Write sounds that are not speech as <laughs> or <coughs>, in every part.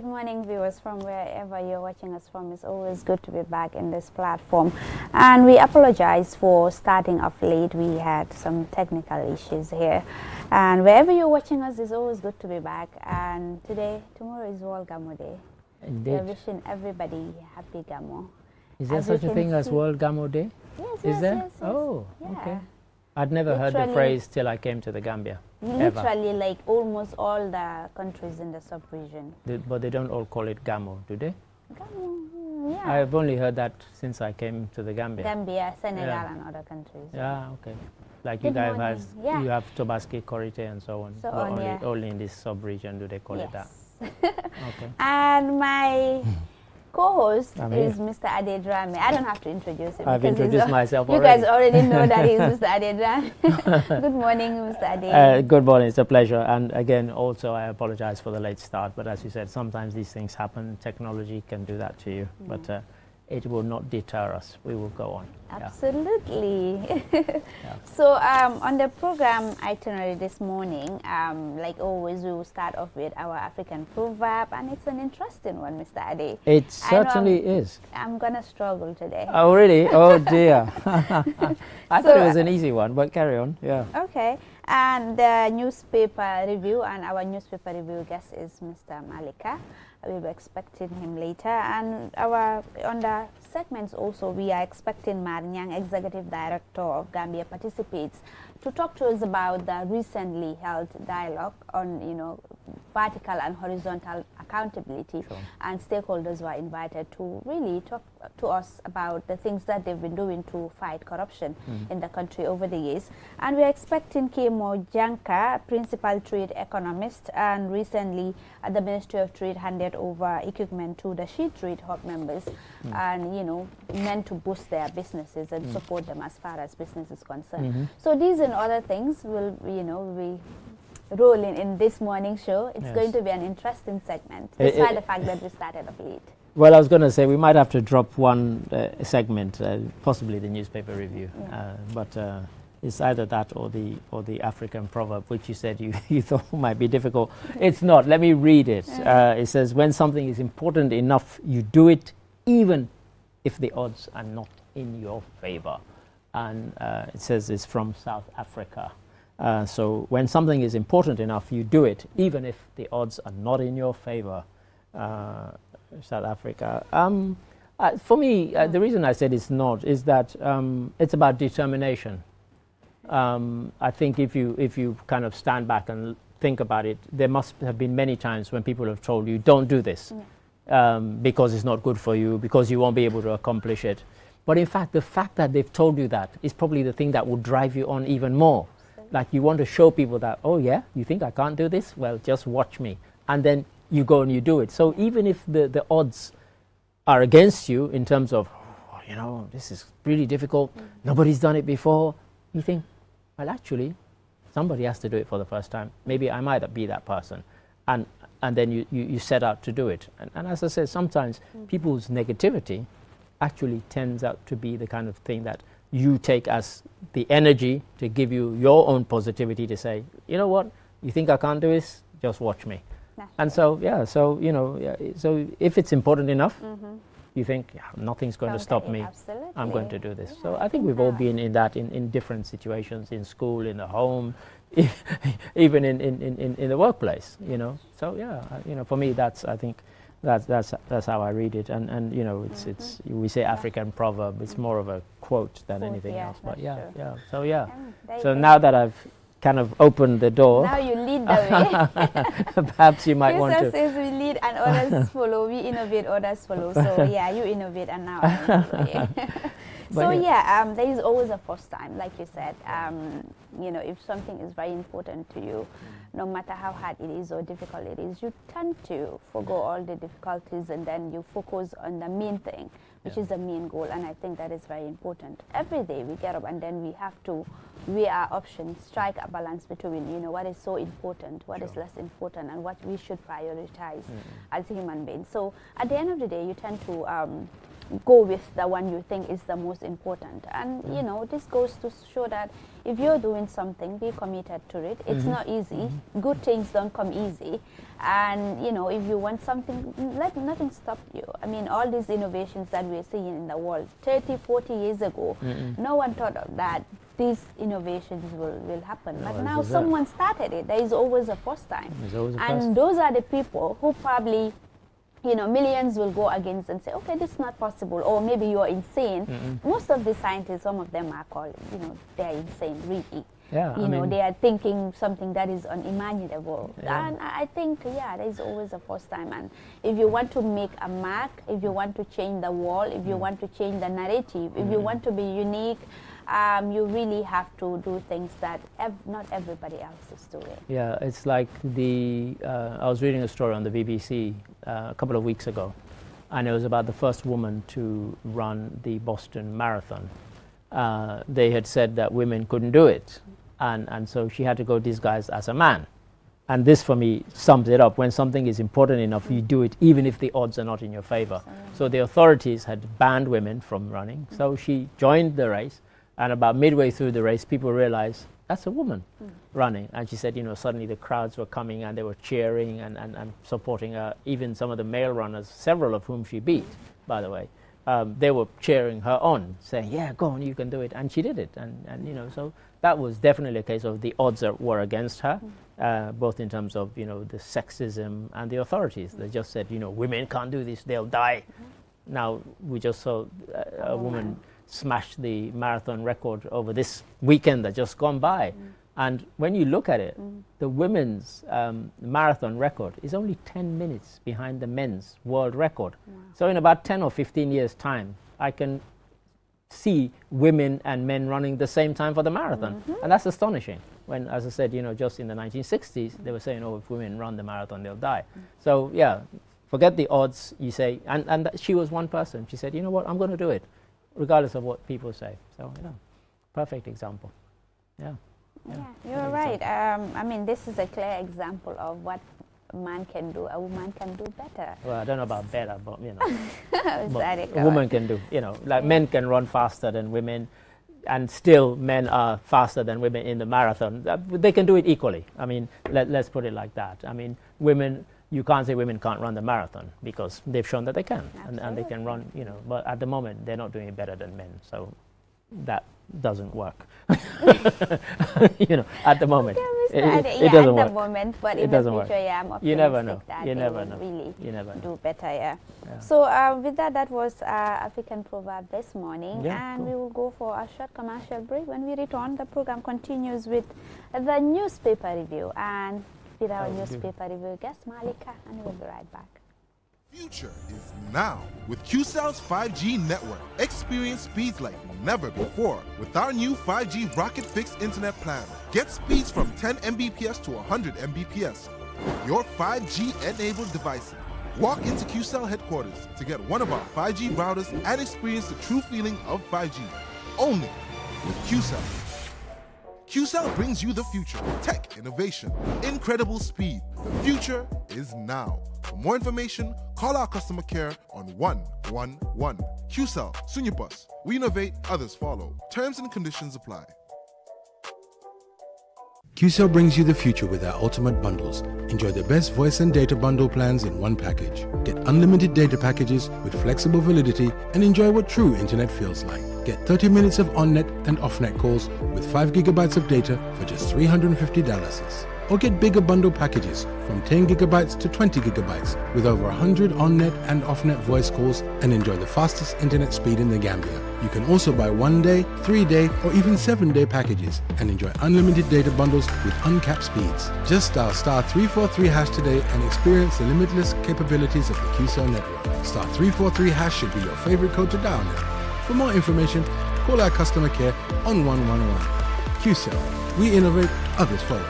Good morning, viewers from wherever you're watching us from. It's always good to be back in this platform. And we apologize for starting off late. We had some technical issues here. And wherever you're watching us, it's always good to be back. And today, tomorrow is World Gamo Day. Indeed. We're wishing everybody happy Gamo. Is there as such a thing as World Gamo Day? Yes, is yes, there? Yes, yes. Oh, yeah. okay. I'd never heard the phrase till I came to the Gambia. Literally, ever. like almost all the countries in the sub-region. The, but they don't all call it Gamo, do they? Gamo, mm, yeah. I've only heard that since I came to the Gambia. Gambia, Senegal, yeah. and other countries. Yeah, okay. Like Good you guys has, yeah. you have Tobaski, Korite, and so on. So on only, yeah. only in this sub-region do they call yes. it that. okay. <laughs> And my. <laughs> co-host is Mr. Adedrame. I don't have to introduce him. I've introduced myself You guys already know that he's <laughs> Mr. Adedrame. <laughs> good morning, Mr. Adedrame. Uh, good morning. It's a pleasure. And again, also, I apologize for the late start. But as you said, sometimes these things happen. Technology can do that to you. Mm. But uh, it will not deter us. We will go on. Absolutely. Yeah. <laughs> yeah. So um, on the program itinerary this morning, um, like always, we will start off with our African proverb, and it's an interesting one, Mr. Ade. It certainly I'm, is. I'm going to struggle today. Oh, really? Oh, dear. <laughs> <laughs> I so, thought it was an easy one, but carry on. Yeah. Okay. And the newspaper review, and our newspaper review guest is Mr. Malika we were expecting him later. And our on the segments also, we are expecting Marinyang, Executive Director of Gambia Participates, to talk to us about the recently held dialogue on, you know, vertical and horizontal accountability. Sure. And stakeholders were invited to really talk to us about the things that they've been doing to fight corruption mm. in the country over the years. And we're expecting Kemo Janka, principal trade economist, and recently uh, the Ministry of Trade handed over equipment to the She Trade Hub members mm. and, you know, meant to boost their businesses and mm. support them as far as business is concerned. -hmm. So these and other things will, you know, we role in, in this morning show. It's yes. going to be an interesting segment, despite it, it, the fact that we started off late. Well, I was going to say we might have to drop one uh, segment, uh, possibly the newspaper review, yeah. uh, but uh, it's either that or the or the African proverb, which you said you, <laughs> you thought might be difficult. <laughs> it's not. Let me read it. Uh, it says, "When something is important enough, you do it, even if the odds are not in your favor." And uh, it says it's from South Africa. Uh, so when something is important enough, you do it, even if the odds are not in your favor, uh, South Africa. Um, uh, for me, uh, the reason I said it's not is that um, it's about determination. Um, I think if you, if you kind of stand back and think about it, there must have been many times when people have told you, don't do this yeah. Um, because it's not good for you, because you won't be able to accomplish it. But in fact, the fact that they've told you that is probably the thing that will drive you on even more like you want to show people that, oh yeah, you think I can't do this? Well, just watch me. And then you go and you do it. So even if the, the odds are against you in terms of, oh, you know, this is really difficult, mm. nobody's done it before, you think, well, actually, somebody has to do it for the first time. Maybe I might be that person. And, and then you, you, you set out to do it. And, and as I said, sometimes mm. people's negativity actually turns out to be the kind of thing that you take as the energy to give you your own positivity to say, you know what, you think I can't do this? Just watch me. And so, yeah, so, you know, yeah, so if it's important enough, mm -hmm. you think, yeah, nothing's going to stop me. Absolutely. I'm going to do this. Yeah. So I think we've all been in that in, in different situations in school, in the home, <laughs> even in, in, in, in the workplace, you know. So, yeah, you know, for me, that's, I think, that's that's that's how I read it, and and you know it's it's mm-hmm. we say African proverb. It's more of a quote than quote, anything yeah, else. But yeah, true. yeah. So yeah. So now that I've kind of opened the door. Now you lead the <laughs> way. Perhaps you might Jesus want to. says we lead and others <laughs> follow. We innovate, others follow. So yeah, you innovate and now. <laughs> But so yeah, yeah um, there is always a first time, like you said. Um, you know, if something is very important to you, mm. no matter how hard it is or difficult it is, you tend to forego all the difficulties and then you focus on the main thing, which yeah. is the main goal. And I think that is very important. Every day we get up and then we have to weigh our options, strike a balance between you know what is so important, what sure. is less important, and what we should prioritize mm -hmm. as human beings. So at the end of the day, you tend to um, go with the one you think is the most important. And you know, this goes to show that if you're doing something, be committed to it. It's mm -hmm. not easy. Mm -hmm. Good things don't come easy. And you know, if you want something, let nothing stop you. I mean, all these innovations that we're seeing in the world 30, 40 years ago, no one thought of that these innovations will, will happen. No, but now someone that. started it. There is always a first time. There's always a and first. those are the people who probably you know, millions will go against and say, okay, this is not possible, or maybe you're insane. Mm -mm. Most of the scientists, some of them are called, you know, they're insane, really. Yeah, you I know, mean, they are thinking something that is unimaginable. Yeah. And I think, yeah, there is always a first time. And if you want to make a mark, if you want to change the world, if you mm. want to change the narrative, if mm. you want to be unique, um, you really have to do things that ev not everybody else is doing. Yeah, it's like the, uh, I was reading a story on the BBC uh, a couple of weeks ago, and it was about the first woman to run the Boston Marathon. Uh, they had said that women couldn't do it, and, and so she had to go disguised as a man. And this, for me, sums it up. When something is important enough, you do it, even if the odds are not in your favor. So the authorities had banned women from running. So she joined the race, and about midway through the race, people realized that's a woman mm. running. And she said, you know, suddenly the crowds were coming and they were cheering and, and, and supporting her. Even some of the male runners, several of whom she beat, by the way, um, they were cheering her on, saying, yeah, go on, you can do it. And she did it. And, and you know, so that was definitely a case of the odds are, were against her, mm. uh, both in terms of, you know, the sexism and the authorities. Mm. They just said, you know, women can't do this, they'll die. Mm-hmm. Now we just saw uh, a, a, woman, woman smashed the marathon record over this weekend that just gone by. Mm. And when you look at it, mm. the women's um, marathon record is only 10 minutes behind the men's world record. Wow. So, in about 10 or 15 years' time, I can see women and men running the same time for the marathon. Mm -hmm. And that's astonishing. When, as I said, you know, just in the 1960s, they were saying, oh, if women run the marathon, they'll die. Mm. So, yeah, forget the odds, you say. And, and she was one person. She said, you know what, I'm going to do it regardless of what people say. So, you know, perfect example. Yeah. Yeah, yeah you're right. Um, I mean, this is a clear example of what a man can do, a woman can do better. Well, I don't know about better, but you know, <laughs> but a woman can do. You know, like yeah. men can run faster than women, and still men are faster than women in the marathon. Uh, they can do it equally. I mean, let, let's put it like that. I mean, women you can't say women can't run the marathon because they've shown that they can and, and, they can run, you know, but at the moment they're not doing it better than men. So that doesn't work, <laughs> you know, at the moment. It, it, yeah, doesn't at work. the moment, but it in the future, work. yeah, I'm optimistic you never know. that you never know. really you never know. do better, yeah. yeah. So uh, with that, that was uh, African Proverb this morning, yeah, and cool. we will go for a short commercial break. When we return, the program continues with the newspaper review, and read our newspaper review. Guest Malika, and we'll be right back. Future is now with QCell's 5G network. Experience speeds like never before with our new 5G Rocket Fix Internet plan. Get speeds from 10 Mbps to 100 Mbps. Your 5G enabled devices. Walk into QCell headquarters to get one of our 5G routers and experience the true feeling of 5G. Only with QCell. QCell brings you the future, tech, innovation, incredible speed. The future is now. For more information, call our customer care on 111. QCell, Sunyapus. We innovate, others follow. Terms and conditions apply. QCell brings you the future with our ultimate bundles. Enjoy the best voice and data bundle plans in one package. Get unlimited data packages with flexible validity and enjoy what true internet feels like. Get 30 minutes of on-net and off-net calls with 5 gigabytes of data for just $350. Or get bigger bundle packages from 10 gigabytes to 20 gigabytes with over 100 on-net and off-net voice calls and enjoy the fastest internet speed in the Gambia. You can also buy one-day, three-day or even seven-day packages and enjoy unlimited data bundles with uncapped speeds. Just dial star 343 hash today and experience the limitless capabilities of the QSO network. Star 343 hash should be your favorite code to dial now. For more information, call our customer care on 111. QCell, we innovate, others follow.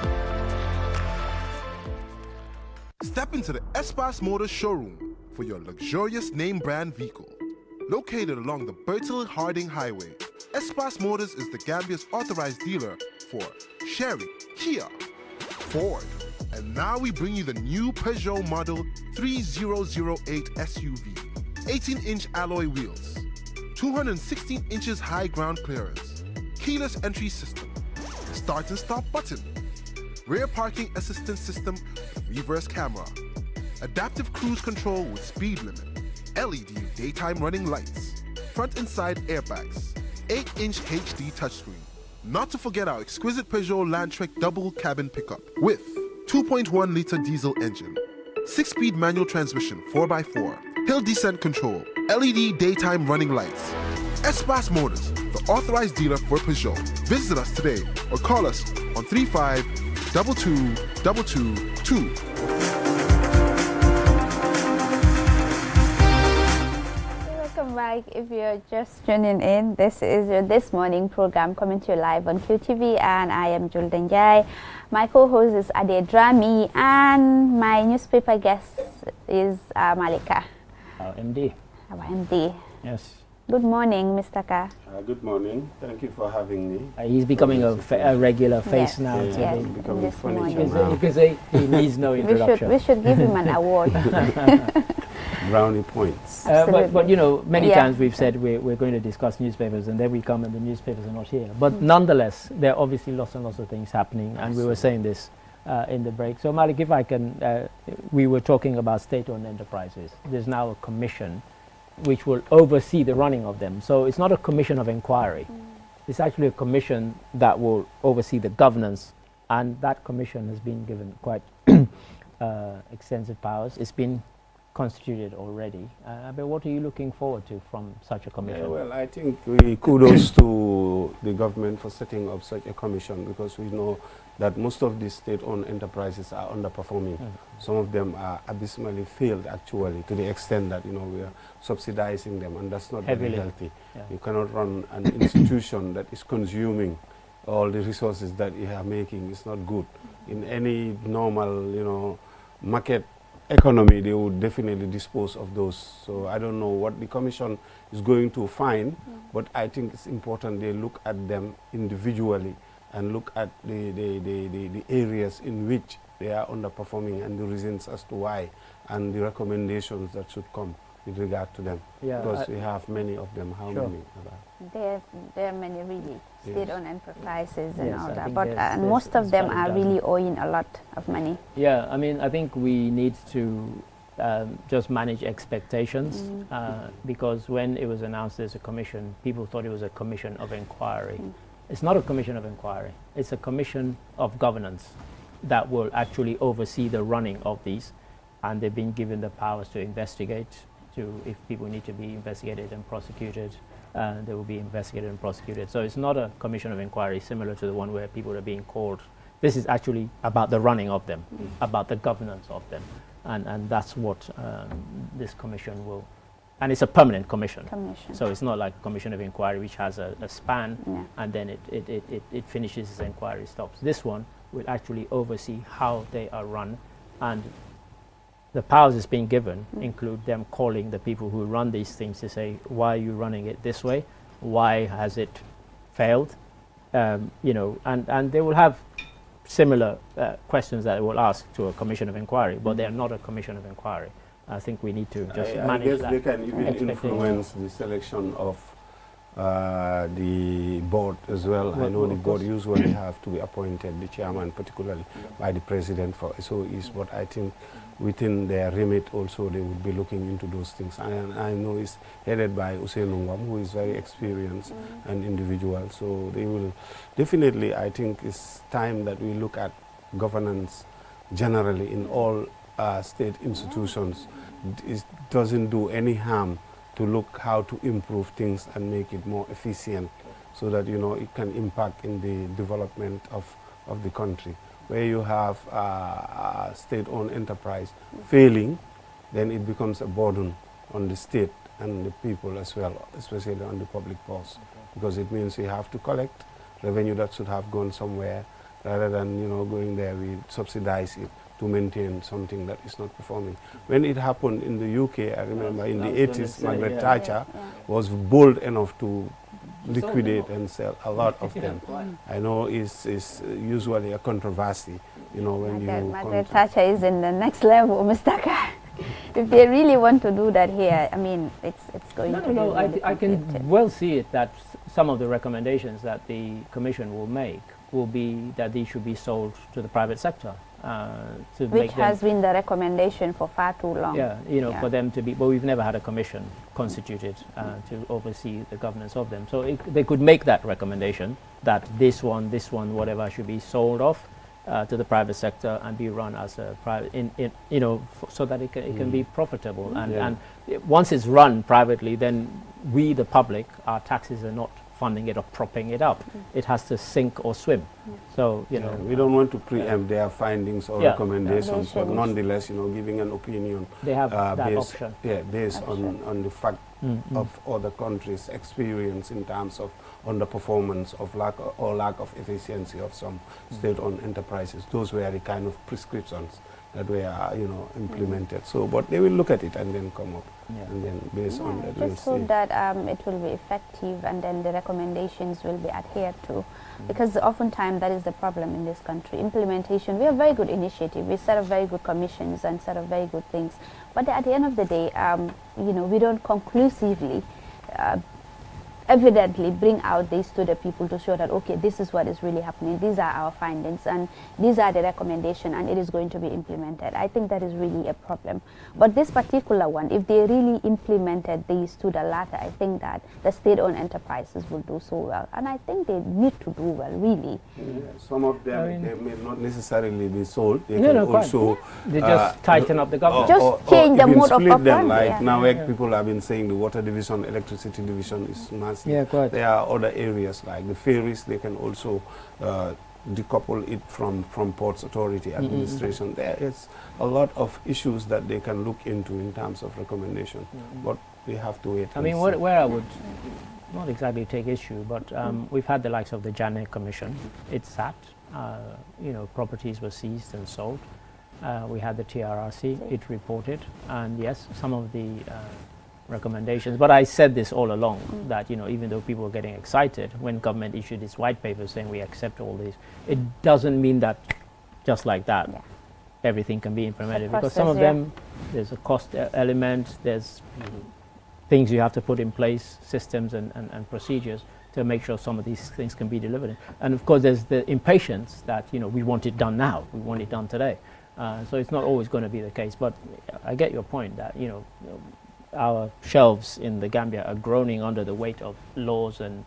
Step into the Espas Motors showroom for your luxurious name brand vehicle. Located along the Bertil Harding Highway, Espas Motors is the Gambia's authorized dealer for Sherry, Kia, Ford, and now we bring you the new Peugeot model 3008 SUV. 18 inch alloy wheels, 216 inches high ground clearance, keyless entry system, start and stop button, rear parking assistance system, reverse camera, adaptive cruise control with speed limit, LED daytime running lights, front and side airbags, 8-inch HD touchscreen. Not to forget our exquisite Peugeot Landtrek double cabin pickup with 2.1 litre diesel engine, 6-speed manual transmission 4x4, hill descent control, LED daytime running lights. Espace Motors, the authorized dealer for Peugeot. Visit us today or call us on 35 Welcome back. If you're just tuning in, this is your This Morning program coming to you live on QTV, and I am Julden Jai. My co host is Ade Drami, and my newspaper guest is uh, Malika. Our oh, MD. Awandi. Yes. Good morning, Mr. Ka. Uh, good morning. Thank you for having me. Uh, he's becoming a, a, regular face yes. now. Yes. becoming this furniture now. he needs no introduction. <laughs> we, should, we should give him an award. <laughs> <laughs> Brownie points. Uh, but, but, you know, many yeah. times we've said we're, we're, going to discuss newspapers, and then we come and the newspapers are not here. But mm. nonetheless, there are obviously lots and lots of things happening, and we were saying this uh, in the break. So Malik, if I can, uh, we were talking about state-owned enterprises. There's now a commission which will oversee the running of them. So it's not a commission of inquiry. Mm. It's actually a commission that will oversee the governance. And that commission has been given quite <clears throat> uh, extensive powers. It's been constituted already. Uh, but what are you looking forward to from such a commission? Yeah, well, I think we kudos to the government for setting up such a commission because we know that most of these state-owned enterprises are underperforming. Mm -hmm. Some of them are abysmally failed, actually, to the extent that you know we are subsidizing them, and that's not Heavily. very healthy. Yeah. You cannot run an <coughs> institution that is consuming all the resources that you are making. It's not good. In any normal, you know, market economy, they would definitely dispose of those. So I don't know what the commission is going to find, mm. but I think it's important they look at them individually and look at the, the, the, the, the areas in which they are underperforming and the reasons as to why and the recommendations that should come with regard to them? Yeah, because we have many of them. How sure. many? There, there are many really state-owned enterprises and all I that. But there's, uh, there's most of them are really owing a lot of money. Yeah, I mean, I think we need to um, just manage expectations mm. uh, because when it was announced as a commission, people thought it was a commission of inquiry. Mm. It's not a commission of inquiry, it's a commission of governance that will actually oversee the running of these. And they've been given the powers to investigate, to if people need to be investigated and prosecuted, uh, they will be investigated and prosecuted. So it's not a commission of inquiry similar to the one where people are being called. This is actually about the running of them, mm. about the governance of them. And, and that's what um, this commission will, and it's a permanent commission. commission. So it's not like a commission of inquiry, which has a, a span, yeah. and then it, it, it, it, it finishes its inquiry, stops. This one will actually oversee how they are run, and the powers that's being given mm. include them calling the people who run these things to say, why are you running it this way? Why has it failed? Um, you know, and, and they will have similar uh, questions that they will ask to a commission of inquiry, but mm. they are not a commission of inquiry. I think we need to just I, manage I guess that they can even influence the selection of uh, the board as well. well I know well, the board usually have to be appointed, the chairman particularly, yeah. by the president. For so is what I think within their remit also they would be looking into those things. And I know it's headed by Usain Ungwam, who is very experienced mm. and individual. So they will definitely, I think it's time that we look at governance generally in all uh, state institutions. It doesn't do any harm to look how to improve things and make it more efficient so that you know it can impact in the development of, of the country. Where you have uh, a state-owned enterprise failing, then it becomes a burden on the state and the people as well, especially on the public purse, because it means you have to collect revenue that should have gone somewhere rather than you know going there we subsidize it to maintain something that is not performing. When it happened in the UK, I remember in the 80s, Margaret yeah. Thatcher yeah. was bold enough to liquidate and sell a lot of them. <laughs> I know it's, it's usually a controversy, you know, when Margaret, you... Margaret Thatcher is in the next level, <laughs> Mr. Khan. if they really want to do that here, I mean, it's, it's going no, to no, no, really I, I can well see it that some of the recommendations that the Commission will make will be that these should be sold to the private sector. Uh, to Which has been the recommendation for far too long. Yeah, you know, yeah. for them to be, but we've never had a commission constituted uh, to oversee the governance of them. So it, they could make that recommendation that this one, this one, whatever should be sold off uh, to the private sector and be run as a private, in, in, you know, so that it, ca it mm. can be mm. profitable. Mm. And, yeah. and it, once it's run privately, then we, the public, our taxes are not funding it or propping it up. Mm. It has to sink or swim. So, you yeah, know. We don't want to preempt their findings or yeah, recommendations, yeah. but nonetheless, you know, giving an opinion. They have uh, that based, option. Yeah, based on, on the fact mm, of other countries' experience in terms of underperformance of lack or lack of efficiency of some mm. state-owned enterprises. Those were the kind of prescriptions that were, you know, implemented. So, but they will look at it and then come up yeah. And then based yeah, on that, just hope that um, it will be effective, and then the recommendations will be adhered to, mm because oftentimes that is the problem in this country. Implementation. We have very good initiative. We set up very good commissions and set up very good things, but at the end of the day, um, you know, we don't conclusively. Uh, evidently bring out this to the people to show that, okay, this is what is really happening. These are our findings and these are the recommendation and it is going to be implemented. I think that is really a problem. But this particular one, if they really implemented these to the latter, I think that the state-owned enterprises will do so well. And I think they need to do well, really. Yeah, some of them, I mean, they may not necessarily be sold. They no, no, also... They just uh, tighten up the government. Just or, change or the mode of operation. Like yeah. now, yeah. people have been saying the water division, electricity division is massive yeah, quite. There are other areas like the ferries, they can also uh, decouple it from, from Ports Authority mm-hmm. administration. Mm -hmm. There is a lot of issues that they can look into in terms of recommendation, mm -hmm. but we have to wait. I mean, wh where I would not exactly take issue, but um, mm -hmm. we've had the likes of the Janet Commission. It sat, uh, you know, properties were seized and sold. Uh, we had the TRRC, it reported, and yes, some of the uh, recommendations. But I said this all along mm. that you know even though people are getting excited when government issued its white paper saying we accept all these, it doesn't mean that just like that yeah. everything can be implemented process, because some of yeah. them there's a cost element, there's mm. things you have to put in place, systems and, and, and procedures to make sure some of these things can be delivered. And of course, there's the impatience that you know we want it done now, we want it done today. Uh, so it's not always going to be the case, but I get your point that you know our shelves in the Gambia are groaning under the weight of laws and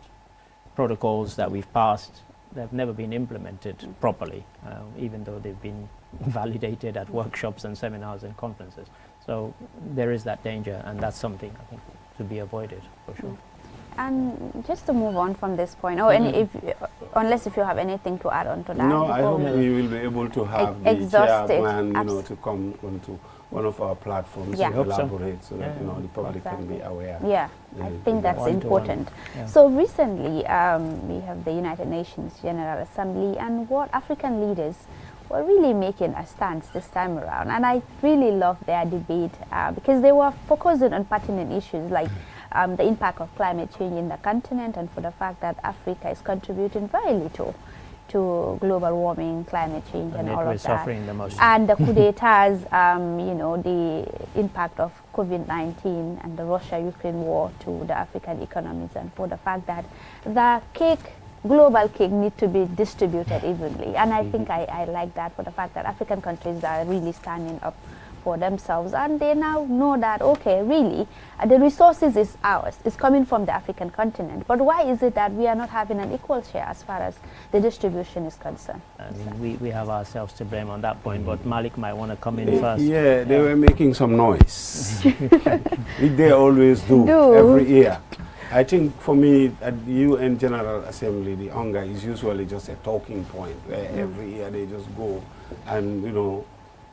protocols that we've passed that have never been implemented mm properly, uh, even though they've been <laughs> validated at workshops and seminars and conferences. So there is that danger, and that's something I think to be avoided for sure. Mm And just to move on from this point, or oh, mm -hmm. any, if, unless if you have anything to add on to that. No, I hope we will be able to have the chairman, you know, to come on to one of our platforms yeah. to elaborate so, so that you know the public exactly. can be aware. Yeah, I think that's important. So recently um, we have the United Nations General Assembly and what African leaders were really making a stance this time around. And I really love their debate uh, because they were focusing on pertinent issues like um, the impact of climate change in the continent and for the fact that Africa is contributing very little to global warming, climate change, and, and all of that. Suffering the most. And the <laughs> coup d'etats, um, you know, the impact of COVID-19 and the Russia-Ukraine war to the African economies, and for the fact that the cake, global cake, need to be distributed evenly. And I mm -hmm. think I, I like that for the fact that African countries are really standing up for themselves and they now know that, okay, really, uh, the resources is ours. It's coming from the African continent. But why is it that we are not having an equal share as far as the distribution is concerned? I mean, we, we have ourselves to blame on that point, but Malik might want to come in first. Yeah, they were making some noise. <laughs> they always do, do, every year. I think for me, at the UN General Assembly, the hunger is usually just a talking point where mm. every year they just go and, you know,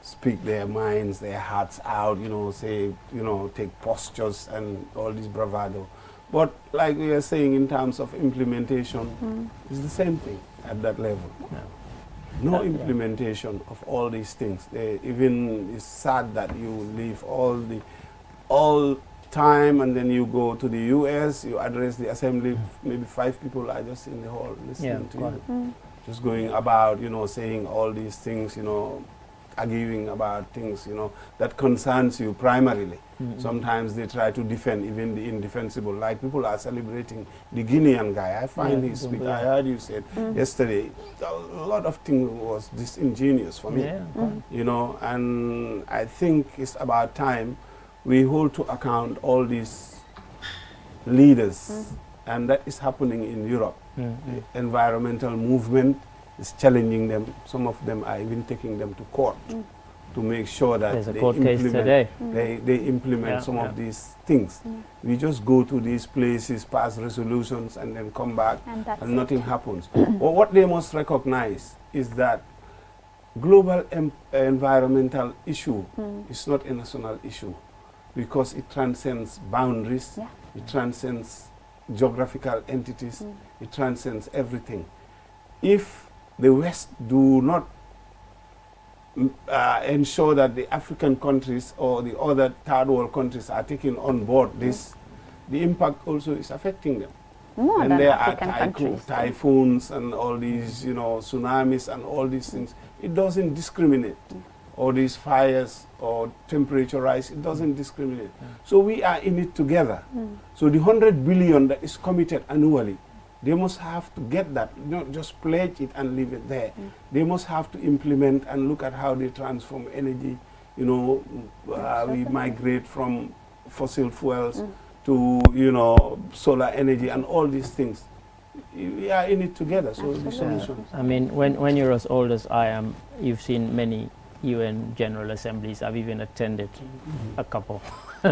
speak their minds, their hearts out, you know, say, you know, take postures and all this bravado. But like we are saying in terms of implementation, mm. it's the same thing at that level. Yeah. No implementation of all these things. They even it's sad that you leave all the all time and then you go to the US, you address the assembly, hmm. maybe five people are just in the hall listening yeah, to you. Mm. Just going about, you know, saying all these things, you know, arguing about things, you know, that concerns you primarily. Mm -hmm. Sometimes they try to defend even the indefensible. Like people are celebrating the Guinean guy. I find yeah, he I heard you said mm. yesterday. A lot of things was disingenuous for me. Yeah. Mm. You know, and I think it's about time we hold to account all these leaders, mm. and that is happening in Europe. Mm-hmm. environmental movement is challenging them. Some of them are even taking them to court mm. to make sure that they implement, they, mm. they implement yeah, some yeah. of these things. Mm. We just go to these places, pass resolutions, and then come back, and, and nothing happens. well, <clears throat> what they must recognize is that global environmental issue mm. is not a national issue because it transcends boundaries, yeah. it transcends geographical entities, it transcends everything. If the West do not uh, ensure that the African countries or the other third world countries are taking on board this, the impact also is affecting them. More and there African are typhoons, typhoons and all these, you know, tsunamis and all these things. It doesn't discriminate. Mm. All these fires or temperature rise, it doesn't discriminate. Mm. So we are in it together. Mm. So the 100 billion that is committed annually they must have to get that, not just pledge it and leave it there. Mm. They must have to implement and look at how they transform energy. You know, uh, we migrate from fossil fuels mm. to, you know, solar energy and all these things. We are in it together, so Absolutely. the solution. Yeah. I mean, when, when you're as old as I am, you've seen many UN General Assemblies. I've even attended mm -hmm. a couple. <laughs>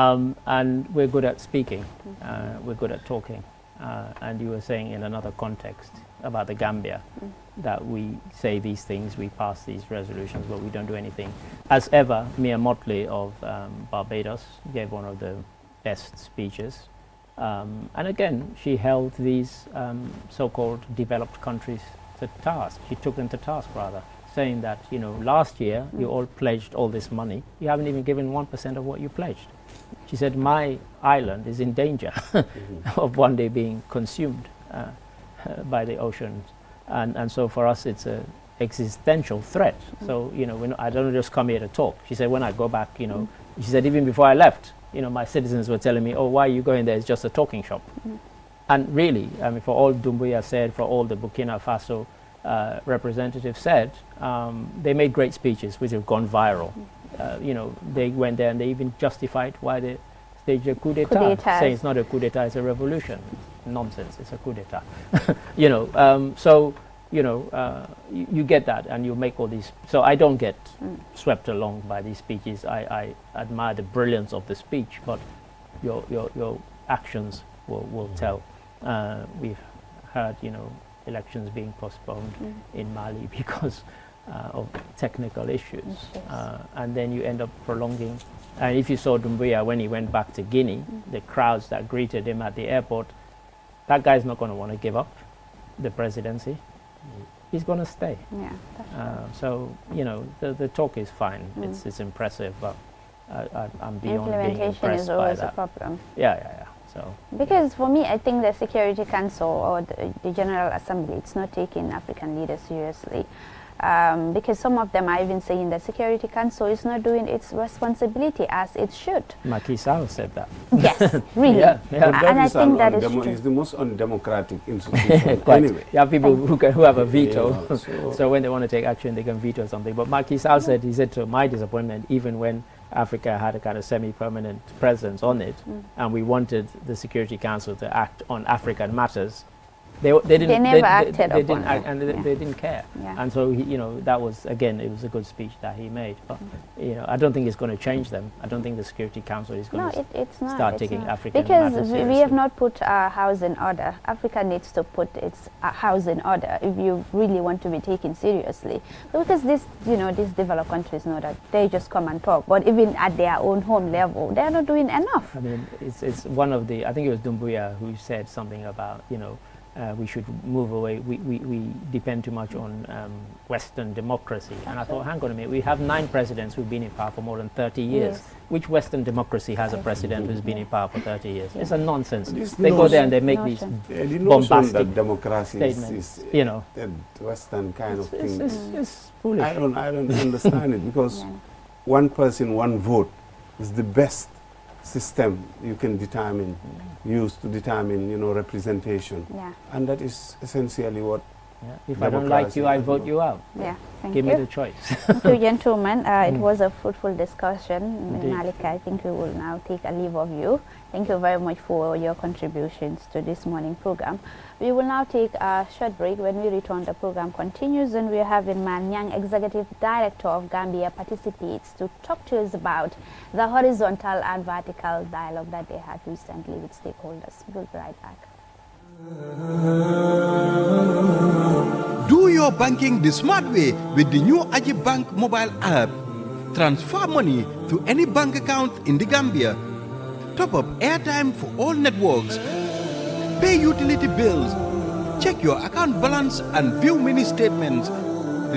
um, and we're good at speaking, mm. uh, we're good at talking. Uh, and you were saying in another context about the Gambia mm. that we say these things, we pass these resolutions, but we don't do anything. As ever, Mia Motley of um, Barbados gave one of the best speeches. Um, and again, she held these um, so-called developed countries to task. She took them to task, rather, saying that, you know, last year mm. you all pledged all this money. You haven't even given 1% of what you pledged. She said, My island is in danger <laughs> mm -hmm. of one day being consumed uh, <laughs> by the ocean. And, and so for us, it's an existential threat. Mm -hmm. So, you know, I don't just come here to talk. She said, When I go back, you know, mm -hmm. she said, even before I left, you know, my citizens were telling me, Oh, why are you going there? It's just a talking shop. Mm-hmm. And really, I mean, for all Dumbuya said, for all the Burkina Faso uh, representatives said, um, they made great speeches which have gone viral. Mm. Uh, you know, they went there and they even justified why they staged a coup d'etat, saying it's not a coup d'etat, it's a revolution. Nonsense, it's a coup d'etat. <laughs> you know, um, so, you know, uh, you, you, get that and you make all these. So I don't get mm. swept along by these speeches. I, I admire the brilliance of the speech, but your, your, your actions will, will hmm. tell. Uh, we've heard, you know, elections being postponed mm. in Mali <laughs> because uh, of technical issues. Uh, and then you end up prolonging. And if you saw Dumbuya when he went back to Guinea, mm. the crowds that greeted him at the airport, that guy's not going to want to give up the presidency. He's going to stay. Yeah, uh, so, you know, the, the talk is fine. Mm. It's, it's impressive, but I, am beyond Implementation being is always by that. a problem. Yeah, yeah, yeah. So, because yeah. for me, I think the Security Council or the, the General Assembly, it's not taking African leaders seriously. Um, because some of them are even saying that Security Council is not doing its responsibility as it should. Macky Sall said that. Yes, <laughs> really. yeah, yeah. Well, and I think that is true. It's the most undemocratic institution <laughs> anyway. You have people who, can, who have a veto, yeah, so. <laughs> so. when they want to take action, they can veto something. But Macky Sall said, he said to my disappointment, even when Africa had a kind of semi-permanent presence on it, mm. and we wanted the Security Council to act on African matters, they, they didn't. They never they, acted they, didn't act, and yeah. they, didn't care. Yeah. And so he, you know that was again it was a good speech that he made. But you know I don't think it's going to change them. I don't think the Security Council is going to no, it, start taking not. African because matters we, we have not put our house in order. Africa needs to put its uh, house in order if you really want to be taken seriously. Because this you know these developed countries know that they just come and talk, but even at their own home level they are not doing enough. I mean it's it's one of the I think it was Dumbuya who said something about you know uh, we should move away. We, we, we depend too much on um, Western democracy. And I thought, hang on a minute, we have nine presidents who've been in power for more than 30 years. Yes. Which Western democracy has a president who's been in power for 30 years? It's a nonsense. they notion, go there and they make notion. these yeah, the bombastic that democracy statements. Is, you know, the Western kind it's, of thing. It's, it's, foolish. I don't, I don't understand it because <laughs> yeah. one person, one vote is the best system you can determine used to determine, you know, representation. Yeah. And that is essentially what yeah. If I don't like you, I vote you out. Yeah, thank Give you. Give me the choice. <laughs> thank you, gentlemen. Uh, it mm. was a fruitful discussion. Malika, I think we will now take a leave of you. Thank you very much for your contributions to this morning program. We will now take a short break. When we return, the program continues and we are having Yang, Executive Director of Gambia Participates, to talk to us about the horizontal and vertical dialogue that they had recently with stakeholders. We'll be right back. Do your banking the smart way with the new Ajibank Bank mobile app. Transfer money to any bank account in the Gambia. Top up airtime for all networks pay utility bills, check your account balance and view mini statements,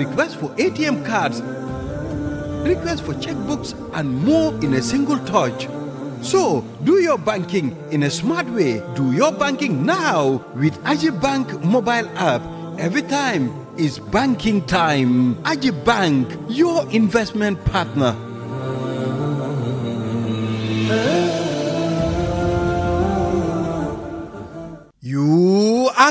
request for ATM cards, request for checkbooks, and more in a single touch. So, do your banking in a smart way. Do your banking now with Ajibank mobile app. Every time is banking time. Ajibank, your investment partner.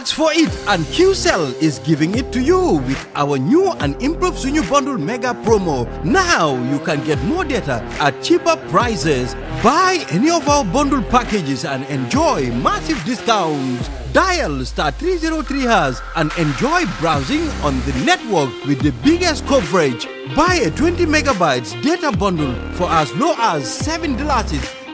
for it and QCell is giving it to you with our new and improved Sunyu Bundle Mega Promo. Now you can get more data at cheaper prices. Buy any of our bundle packages and enjoy massive discounts. Dial star 303 has and enjoy browsing on the network with the biggest coverage. Buy a 20 megabytes data bundle for as low as $7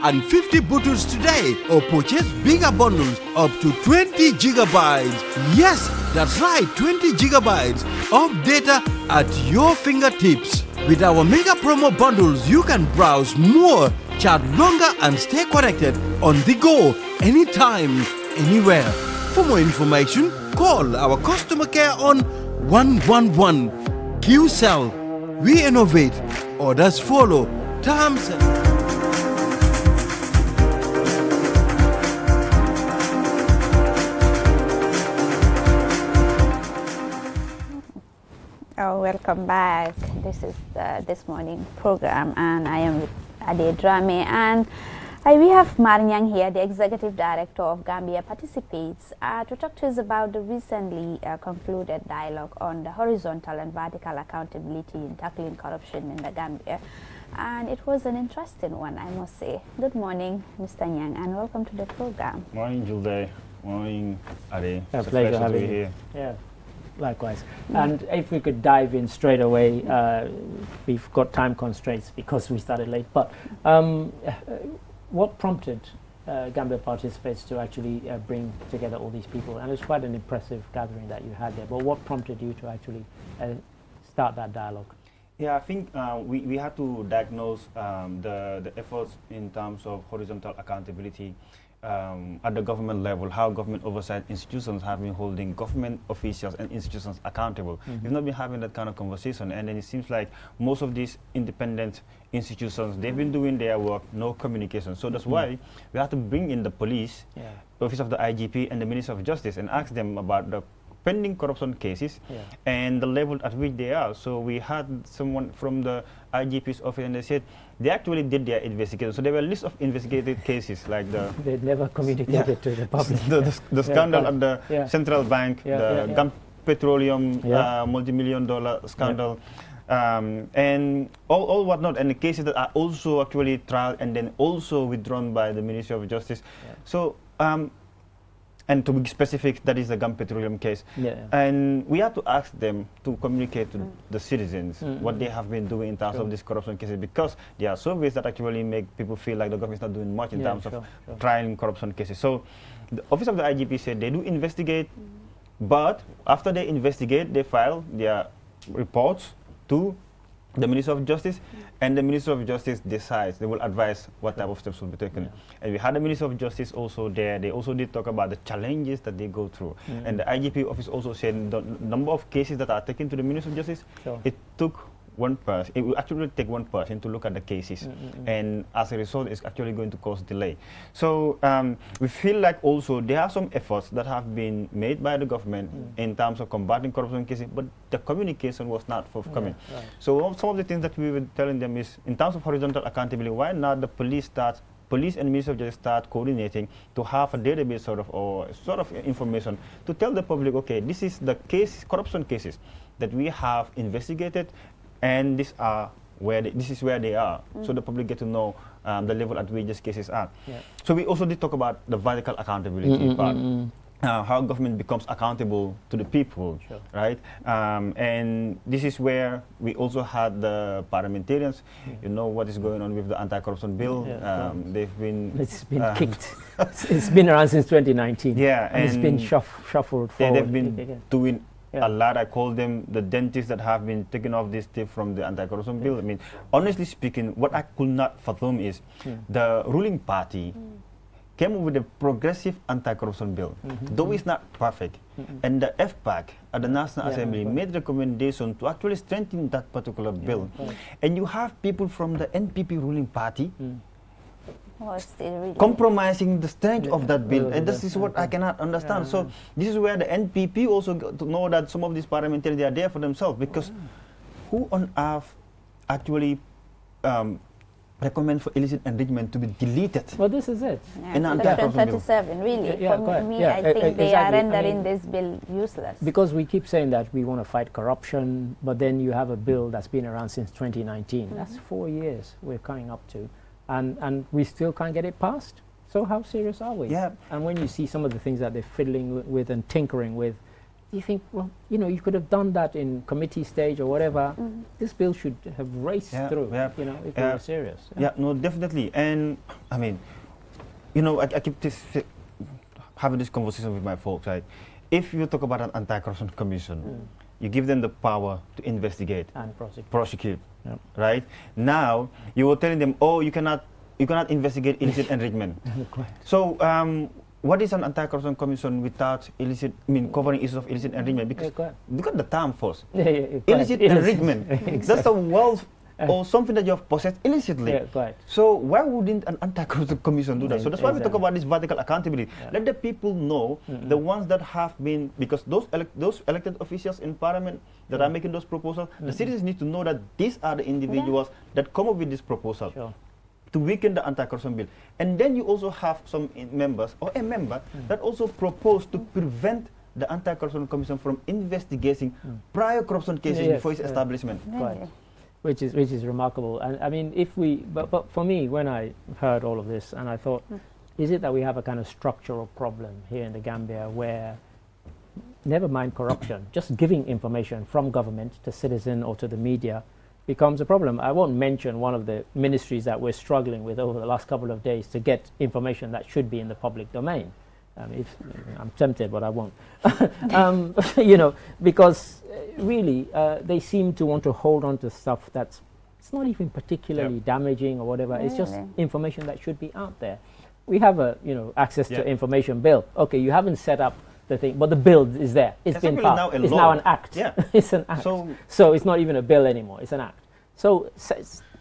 and 50 bottles today or purchase bigger bundles up to 20 gigabytes. Yes, that's right, 20 gigabytes of data at your fingertips. With our mega promo bundles, you can browse more, chat longer and stay connected on the go, anytime, anywhere. For more information, call our customer care on 111 QCell. We innovate, others follow. Terms welcome back. This is the, uh, this morning program, and I am with Ade Drame, and I, we have Marinyang here, the executive director of Gambia Participates, uh, to talk to us about the recently uh, concluded dialogue on the horizontal and vertical accountability in tackling corruption in the Gambia, and it was an interesting one, I must say. Good morning, Mr. Nyang, and welcome to the program. Morning, Julde. Morning, Ade. It's a pleasure, pleasure to be here. Yeah. Likewise. And if we could dive in straight away, uh, we've got time constraints because we started late. But um, uh, what prompted uh, Gambia participates to actually uh, bring together all these people. And it's quite an impressive gathering that you had there. But what prompted you to actually uh, start that dialogue? Yeah, I think uh, we, we had to diagnose um, the, the efforts in terms of horizontal accountability um, at the government level, how government oversight institutions have been holding government officials and institutions accountable. Mm -hmm. We've not been having that kind of conversation, and then it seems like most of these independent institutions, they've been mm-hmm. doing their work, no communication. So that's mm -hmm. why we have to bring in the police, yeah. office of the IGP, and the Minister of Justice, and ask them about the pending corruption cases yeah. and the level at which they are. So we had someone from the IGP's office and they said they actually did their investigation. So there were a list of investigated cases like the. they never communicated yeah. to the public. <laughs> the, the, the scandal yeah, at the yeah. central bank, the Gulf Petroleum uh, multi million dollar scandal. Um, and all, all whatnot, and the cases that are also actually tried and then also withdrawn by the Ministry of Justice. So um, and to be specific, that is the Gum Petroleum case. Yeah, And we had to ask them to communicate to mm. the citizens mm. what mm. they have been doing in terms sure. of these corruption cases because there are surveys that actually make people feel like the government is not doing much in yeah, terms sure, of sure. trying corruption cases. So the office of the IGP said they do investigate, mm. but after they investigate, they file their reports to the Minister of Justice, and the Minister of Justice decides, they will advise what type of steps will be taken. Yeah. And we had the Minister of Justice also there. They also did talk about the challenges that they go through. Yeah. And the IGP office also said the number of cases that are taken to the Minister of Justice, sure. it took one person, it will actually take one person to look at the cases. Mm -hmm. And as a result, it's actually going to cause delay. So um, we feel like also there are some efforts that have been made by the government mm in terms of combating corruption cases, but the communication was not forthcoming. Yeah, right. So some of the things that we were telling them is, in terms of horizontal accountability, why not the police start police and Ministry of Justice start coordinating to have a database sort of or sort of information to tell the public, okay, this is the case corruption cases that we have investigated and these are where they, this is where they are. Mm. So the public get to know um, the level at which these cases are. Yeah. So we also did talk about the vertical accountability mm -mm, mm part. Mm. Uh, how government becomes accountable to the people, sure. right? Um, and this is where we also had the parliamentarians. You know what is going on with the anti-corruption bill. Yeah, um, they've been <laughs> it's been uh, kicked. <laughs> it's been around since 2019. Yeah, and, and it's been shuff shuffled. Forward. Yeah, they've been doing yeah. a lot. I call them the dentists that have been taken off this tip from the anti-corruption bill. I mean, honestly speaking, what I could not fathom is hmm. the ruling party mm. came with a progressive anti-corruption bill, mm -hmm. though it's not perfect. Mm -hmm. And the FPAC at the National yeah, Assembly made recommendation to actually strengthen that particular bill. And you have people from the NPP ruling party hmm. Oh, really compromising the strength yeah. of that bill. And this is what I cannot understand. So this is where the NPP also got to know that some of these parliamentarians are there for themselves because who on earth actually um, recommend for illicit enrichment to be deleted. Well, this is it. Yeah. Section 37, really. Yeah, yeah, for me, I think exactly. they are rendering I mean, this bill useless. Because we keep saying that we want to fight corruption, but then you have a bill that's been around since 2019. Mm -hmm. That's four years we're coming up to and, and we still can't get it passed. So how serious are we? Yeah. And when you see some of the things that they're fiddling with and tinkering with, you think, well, you know, you could have done that in committee stage or whatever. Mm -hmm. This bill should have raced yeah, through, yeah, you know, if yeah. we were serious. Yeah. no, definitely. And, I mean, you know, I, I keep this, having this conversation with my folks, right? If you talk about an anti-corruption commission, mm you give them the power to investigate and prosecute. prosecute yep. Right now, you were telling them, oh, you cannot, you cannot investigate illicit <laughs> enrichment. So, um, what is an anti-corruption commission without illicit, I mean, covering issues of illicit enrichment? Because yeah, look at the term first. Yeah, yeah, illicit enrichment. <laughs> exactly. That's a wealth uh, or something that you have possessed illicitly. Yeah, right. So why wouldn't an anti-corruption <laughs> commission do that? So that's why exactly. we talk about this vertical accountability. Yeah. Let the people know mm -hmm. the ones that have been because those elec those elected officials in parliament that yeah. are mm. making those proposals, mm -hmm. the citizens need to know that these are the individuals that come up with this proposal. Sure to weaken the anti-corruption bill. And then you also have some members or a member mm. that also proposed to prevent the anti-corruption commission from investigating mm. prior corruption cases yes, before its yeah. establishment. Right which is which is remarkable. And I mean, if we, but but for me, when I heard all of this, and I thought, mm. is it that we have a kind of structural problem here in the Gambia where Never mind corruption, just giving information from government to citizen or to the media becomes a problem. I won't mention one of the ministries that we're struggling with over the last couple of days to get information that should be in the public domain. Um, if, I'm tempted, but I won't. <laughs> um, <laughs> you know, because uh, really, uh, they seem to want to hold on to stuff that's it's not even particularly yep. damaging or whatever. Really? It's just information that should be out there. We have a you know access yep. to information bill. Okay, you haven't set up the thing, but the bill is there. It's that's been passed. Now it's law. now an act. Yeah. <laughs> it's an act. So, so it's not even a bill anymore. It's an act. So, so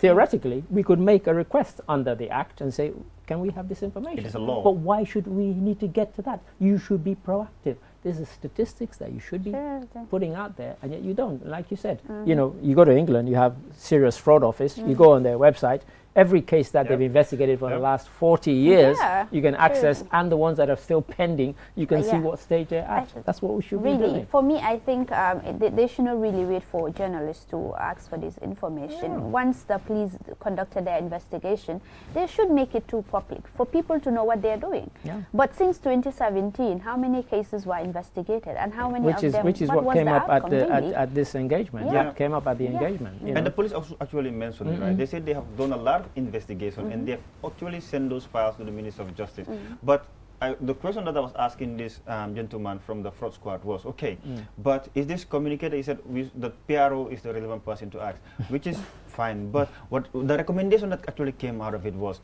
theoretically, we could make a request under the Act and say, can we have this information? It is a law. But why should we need to get to that? You should be proactive. There's is statistics that you should be sure, putting out there, and yet you don't. Like you said, mm -hmm. you mm-hmm. know, you go to England, you have serious fraud office. Mm -hmm. You go mm-hmm. on their website, every case that yep. they've investigated for yep. the last 40 years, yeah, you can access, true. and the ones that are still pending, you can uh, yeah. see what stage they're at. That's what we should really, be doing. For me, I think um, they, they should not really wait for journalists to ask for this information. Yeah. Once the police conducted their investigation, they should make it too public for people to know what they're doing. But since 2017, how many cases were investigated, and how many which of is, them? Which is what, what came up outcome, at, the, really? at, at, this engagement. Yeah. came up at the engagement. And know? the police also actually mentioned mm -hmm. it, right? Mm-hmm. They said they have done a lot have investigation, and mm-hmm. they've actually sent those files to the Minister of Justice. Mm-hmm. But I, the question that I was asking this um, gentleman from the fraud squad was, okay, mm. but is this communicated? He said the PRO is the relevant person to ask, which is <laughs> fine. But what the recommendation that actually came out of it was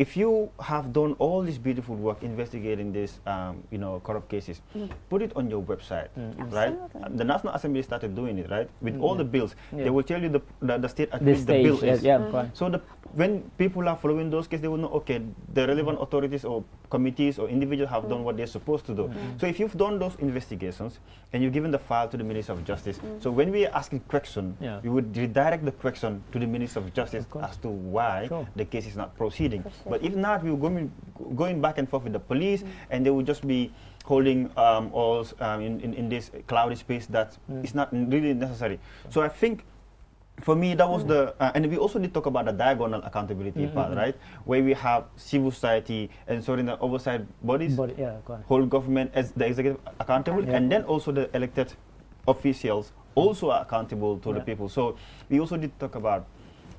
if you have done all this beautiful work investigating these, um, you know, corrupt cases, mm. put it on your website, mm. right? Absolutely. The National Assembly started doing it, right? With mm. all the bills, yeah. they will tell you the the, the state at the which the bill is. Yeah, So the when people are following those cases, they will know, okay, the relevant mm. authorities or committees or individuals have mm. done what they're supposed to do. Mm. So if you've done those investigations and you've given the file to the Minister of Justice, mm. so when we are asking question, yeah. we would redirect the question to the Minister of Justice of as to why sure. the case is not proceeding. But if not, we are going, going back and forth with the police mm. and they will just be holding um, all um, in, in, in, this cloudy space that mm. is not really necessary. So I think for me, that was mm. the, uh, and we also did talk about the diagonal accountability mm -hmm. part, right? Where we have civil society and sort of the oversight bodies, Body, yeah, whole government as the executive accountable, yeah. and then also the elected officials also are accountable to yeah. the people. So we also did talk about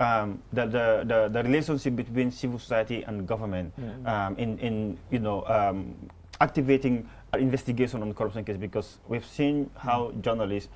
um, the, the, the, the, relationship between civil society and government mm -hmm. um, in, in, you know, um, activating investigation on corruption case because we've seen how journalists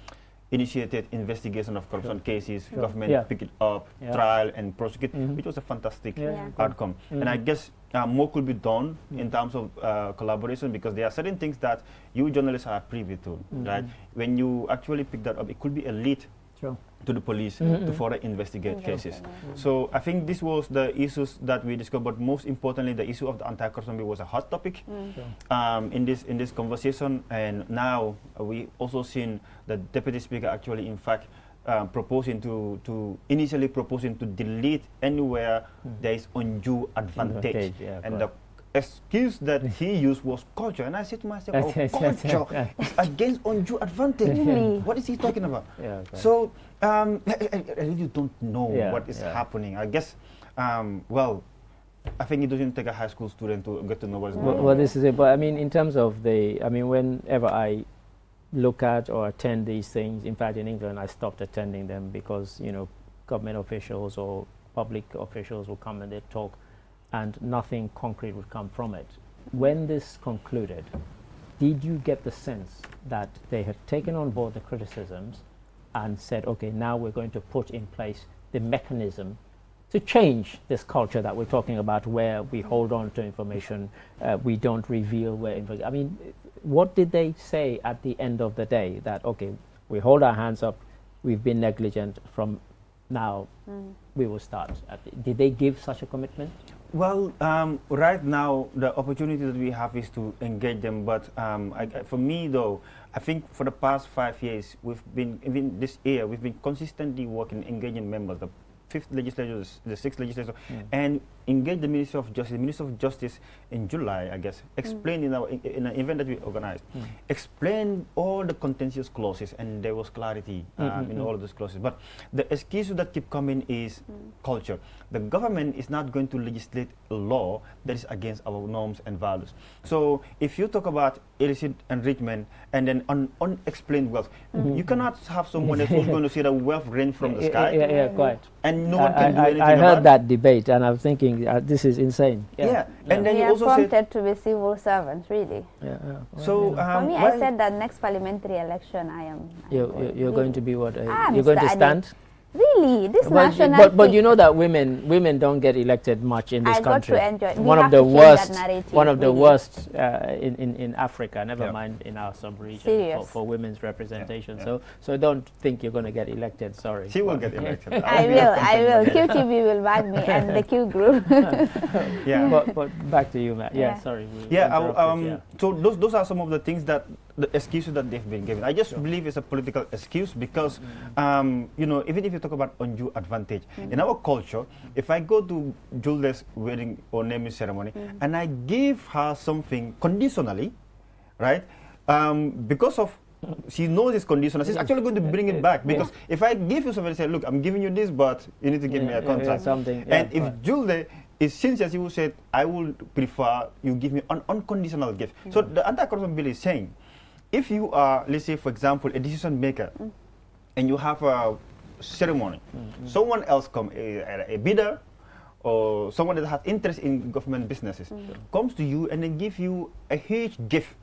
initiated investigation of corruption cases, sure. government yeah. pick it up, trial and prosecute, mm -hmm. which was a fantastic outcome. Mm -hmm. And mm-hmm. I guess uh, more could be done mm-hmm. in terms of uh, collaboration because there are certain things that you journalists are privy to, mm-hmm. right? When you actually pick that up, it could be a lead. Sure to the police mm -hmm. to further investigate okay. Mm-hmm. cases. Mm -hmm. So I think this was the issues that we discovered. But most importantly, the issue of the anti-corruption was a hot topic mm. um, in this in this conversation. And now uh, we also seen the deputy speaker actually, in fact. Uh, proposing to, to initially proposing to delete anywhere mm. there is undue advantage, advantage yeah, and the excuse that he used was culture. And I said to myself, oh, culture against undue advantage. Really? <laughs> What is he talking about? Yeah, okay. So um, <laughs> I, I, really don't know yeah, what is yeah. happening. I guess, um, well, I think it doesn't take a high school student to get to know what's going on. Well, this is it. But I mean, in terms of the, I mean, whenever I look at or attend these things, in fact, in England, I stopped attending them because, you know, government officials or public officials will come and they talk and nothing concrete would come from it. When this concluded, did you get the sense that they had taken on board the criticisms and said, okay, now we're going to put in place the mechanism to change this culture that we're talking about where we hold on to information, uh, we don't reveal where information. I mean, what did they say at the end of the day that, okay, we hold our hands up, we've been negligent from now, mm. we will start? did they give such a commitment? Well, um, right now, the opportunity that we have is to engage them. But um, I, for me, though, I think for the past five years, we've been, even this year, we've been consistently working, engaging members, the fifth legislature, the sixth legislature. Mm. And engaged the Ministry of Justice, the Ministry of Justice in July, I guess, mm. explained mm. in, our, in, in, an event that we organized, mm. explained all the contentious clauses, and there was clarity mm, mm, um, mm -hmm. in all of those clauses. But the excuse that keep coming is culture. The government is not going to legislate a law that is against our norms and values. So if you talk about illicit enrichment and then un unexplained wealth, you cannot have someone who's going to see the wealth rain from the <laughs> sky. Yeah, yeah, yeah quite. And no I, one can I, do anything I heard that debate, and I'm thinking uh, this is insane. Yeah, yeah. and then we you are also prompted to be civil servants, really. Yeah. yeah. So um, for me, I said that next parliamentary election, I am. You're, you're, going to be what? Uh, ah, you're Mr. going to stand. Really, this but, national. But, but you know that women women don't get elected much in this I country. I got to enjoy. One of, worst, one of the worst. One of the worst in, in Africa. Never yep. mind in our sub-region for, for, women's representation. So so don't think you're going to get elected. Sorry. She will get elected. <laughs> I will. I will. QTV will back me and the Q <laughs> group. <laughs> yeah. But, but back to you, Matt. Yeah. yeah. Sorry. Yeah, um, yeah. So those those are some of the things that the excuses that they've been given. I just sure. believe it's a political excuse because, mm. um, you know, even if you talk about undue advantage. Mm -hmm. In our culture, if I go to Julia's wedding or naming ceremony mm -hmm. and I give her something conditionally, right? Um, because of she knows it's conditional. She's actually going to bring it back because yeah. if I give you something and say, look, I'm giving you this, but you need to give yeah, me a contract. Yeah, something. and if right. Julie is sincere, she will say, I would prefer you give me an unconditional gift. Mm -hmm. So the anti-corruption bill is saying, if you are, let's say, for example, a decision maker, mm -hmm. and you have a ceremony. Mm -hmm. Someone else come, eh, a, a, bidder, or someone that has interest in government businesses, mm -hmm. comes to you and then give you a huge gift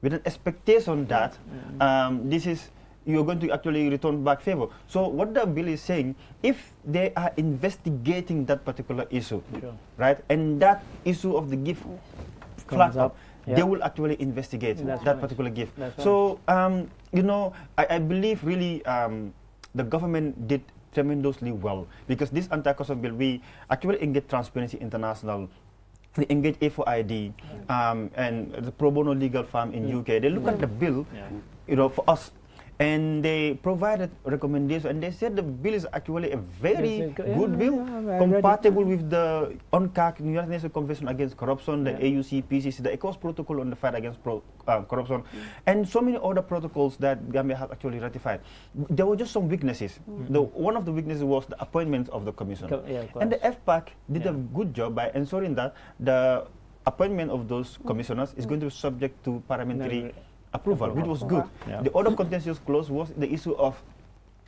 with an expectation mm, that mm. um, this is you're going to actually return back favor. So what the bill is saying, if they are investigating that particular issue, sure. right, and that issue of the gift flags up, yeah. they will actually investigate That's that right. particular gift. That's so, um, you know, I, I believe really um, the government did tremendously well because this anti-corruption bill, we actually engage Transparency International they engage A4ID um, and the pro bono legal firm in mm. UK. They look mm. at the bill, yeah. you know, for us and they provided recommendations, and they said the bill is actually a very good bill yeah, compatible with the UNCAC, United Nations Convention Against Corruption, the yeah. PCC, the Ecos Protocol on the Fight Against pro, uh, Corruption, mm. and so many other protocols that Gambia has actually ratified. There were just some weaknesses. Mm. The, one of the weaknesses was the appointment of the commission. Co and the FPAC did a good job by ensuring that the appointment of those mm. commissioners mm. is going to be subject to parliamentary no, approval, approval. which was good. Yeah. The other contentious clause was the issue of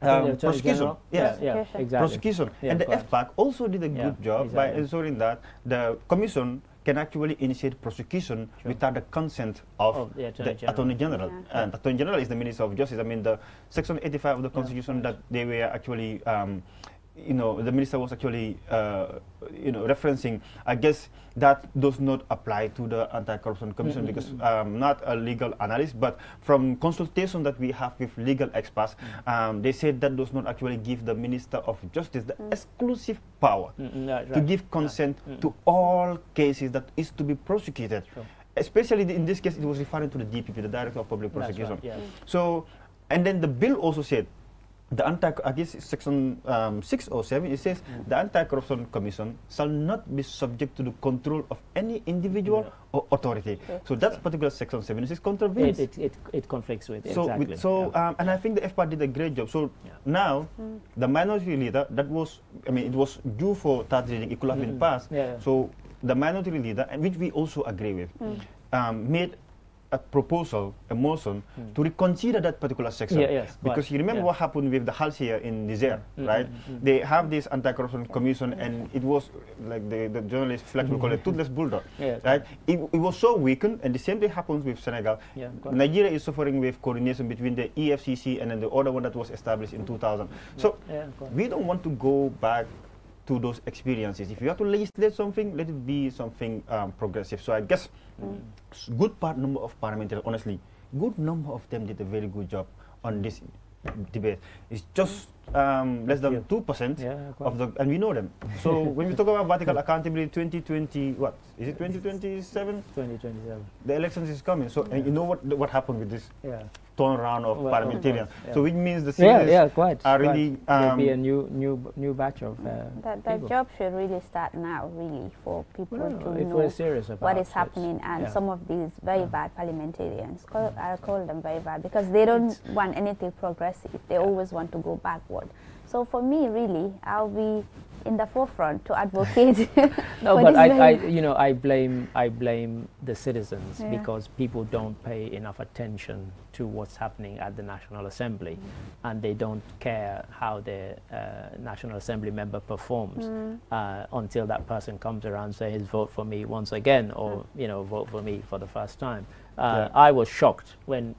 um, prosecution. Yes. Yeah, yeah, exactly. Prosecution. and the FPAC also did a good job exactly. by ensuring that the commission can actually initiate prosecution sure. without the consent of the Attorney General. Attorney General. Yeah. And Attorney General is the Minister of Justice. I mean, the Section 85 of the Constitution yeah, that they were actually um, you know, the minister was actually, uh, you know, referencing. I guess that does not apply to the Anti-Corruption Commission mm -hmm. because I'm um, not a legal analyst, but from consultation that we have with legal experts, mm. um, they said that does not actually give the Minister of Justice the mm -hmm. exclusive power mm -hmm. no, right. to give consent no. to mm. all cases that is to be prosecuted. Sure. Especially in this case, it was referring to the DPP, the Director of Public Prosecution. Right, So, and then the bill also said the anti I guess section um, six or seven it says mm. the anti-corruption commission shall not be subject to the control of any individual yeah. or authority. So that yeah. particular section seven is contravenes. It, it, it, it, conflicts with so exactly. With, so um, and I think the FPAR did a great job. So now mm. the minority leader that was I mean it was due for that reading. It could have mm. been passed. So the minority leader, which we also agree with, mm. um, made a proposal, a motion, mm. to reconsider that particular section. Yeah, yes, because you remember yeah. what happened with the here in Niger, mm. mm right? Mm, mm. They have this anti-corruption commission, and it was like the, the journalist Fleck will call it mm-hmm. toothless bulldog, yeah, right? It, it, was so weakened, and the same thing happens with Senegal. Nigeria is suffering with coordination between the EFCC and then the other one that was established in 2000. So we don't want to go back to those experiences. If you have to legislate something, let it be something um, progressive. So I guess Mm. Good part number of parliamentarians, honestly, good number of them did a very good job on this debate. It's just um, less than two yeah. percent of the, and we know them. So <laughs> when we talk about vertical accountability, 2020, what is it? 2027. 2027. The elections is coming. So and you know what what happened with this turnaround of well, parliamentarians. Yeah. So which means the seniors yeah, yeah, quite, are really um, be a um, new new new batch of uh, that that people. job should really start now, really, for people well, to know what is happening. And some of these very bad parliamentarians, call, I call them very bad because they don't want anything progressive. They always want to go back backward. So for me, really, I'll be in the forefront to advocate. <laughs> no, <laughs> but I, I, you know, I blame, I blame the citizens yeah. because people don't pay enough attention to what's happening at the National Assembly, mm. and they don't care how the uh, National Assembly member performs mm. uh, until that person comes around says, "Vote for me once again," or mm. you know, "Vote for me for the first time." Uh, yeah. I was shocked when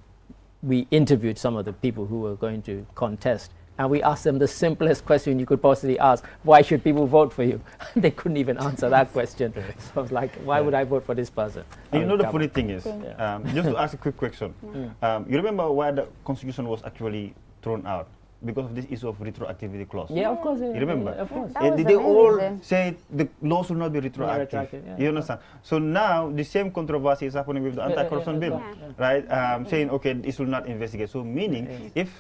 we interviewed some of the people who were going to contest and we asked them the simplest question you could possibly ask why should people vote for you <laughs> they couldn't even answer that question <laughs> so i was like why yeah. would i vote for this person you know the funny thing is yeah. um, just to ask a quick question <laughs> yeah. Mm. um, you remember why the constitution was actually thrown out because of this issue of retroactivity clause. Yeah, of course. you remember? of course. Uh, they all say the laws will not be retroactive. you understand? So now the same controversy is happening with the anti-corruption bill, right? Um, saying okay, this will not investigate. So meaning, if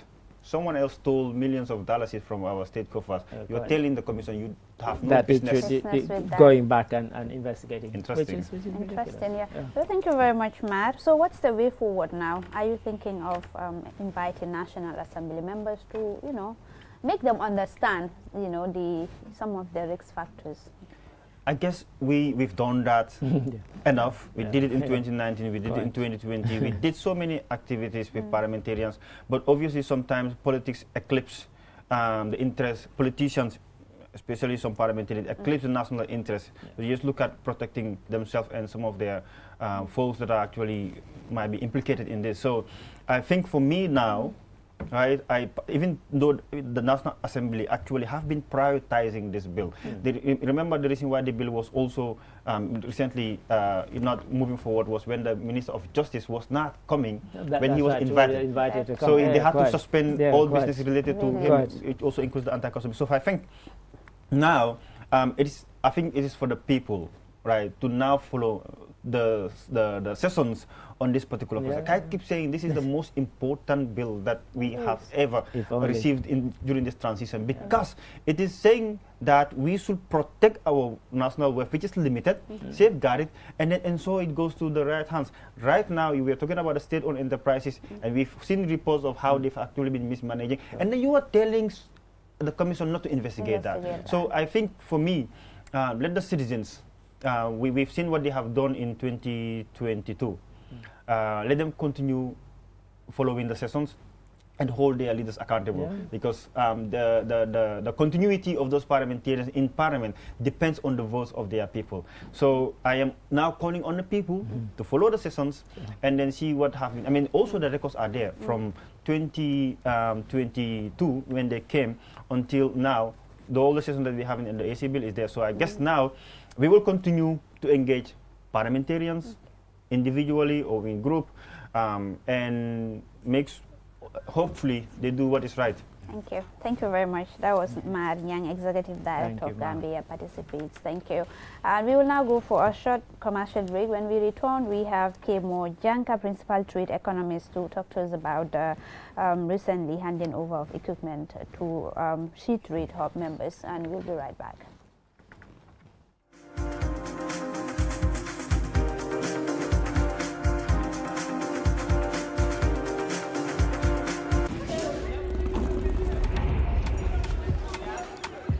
someone else stole millions of dollars from our state coffers. Okay. You're telling the commission you have no that business, business going back and, and investigating. Interesting. Which is, which is Interesting, yeah. yeah. Well, thank you very much, Matt. So what's the way forward now? Are you thinking of um, inviting National Assembly members to, you know, make them understand, you know, the some of the risk factors I guess we, we've done that <laughs> yeah. enough. We yeah. did it in 2019, we did Correct. it in 2020. we <laughs> did so many activities with mm. parliamentarians, but obviously sometimes politics eclipse um, the interest, politicians, especially some parliamentarians, mm. eclipse mm. the national interest. They just look at protecting themselves and some of their um, folks that are actually might be implicated in this. So I think for me now, I, I, even though the National Assembly actually have been prioritizing this bill. Mm. remember the reason why the bill was also um, recently uh, not moving forward was when the Minister of Justice was not coming that when he was right, invited. invited to come. So yeah, they had quite. to suspend yeah, all quite. business related to mm -hmm. him. It also includes the anti-corruption. So I think now um, it is. I think it is for the people right, to now follow the, the, the sessions on this particular project. I keep saying this is the most important bill that we yes. have ever received in, during this transition because yeah. it is saying that we should protect our national wealth, which is limited, mm -hmm. safeguard it, and then, and so it goes to the right hands. Right now, we are talking about the state-owned enterprises, mm -hmm. and we've seen reports of how mm -hmm. they've actually been mismanaging, yeah. and then you are telling the commission not to investigate, investigate that. that. So I think for me, uh, let the citizens uh, we, we've seen what they have done in 2022. Mm. Uh, let them continue following the sessions and hold their leaders accountable yeah. because um, the, the, the, the, continuity of those parliamentarians in parliament depends on the votes of their people. So I am now calling on the people mm -hmm. to follow the sessions yeah. and then see what happened. I mean, also the records are there hmm. from 2022 um, when they came until now. The, all session sessions that we have in the AC bill is there. So I guess hmm. now we will continue to engage parliamentarians individually or in group um, and makes hopefully they do what is right. Thank you. Thank you very much. That was my Yang, Executive Director you, of Gambia Participates. Thank you. And we will now go for a short commercial break. When we return, we have Kemo Janka, Principal Trade Economist, to talk to us about um, recently handing over of equipment to um, She Trade Hub members. And we'll be right back.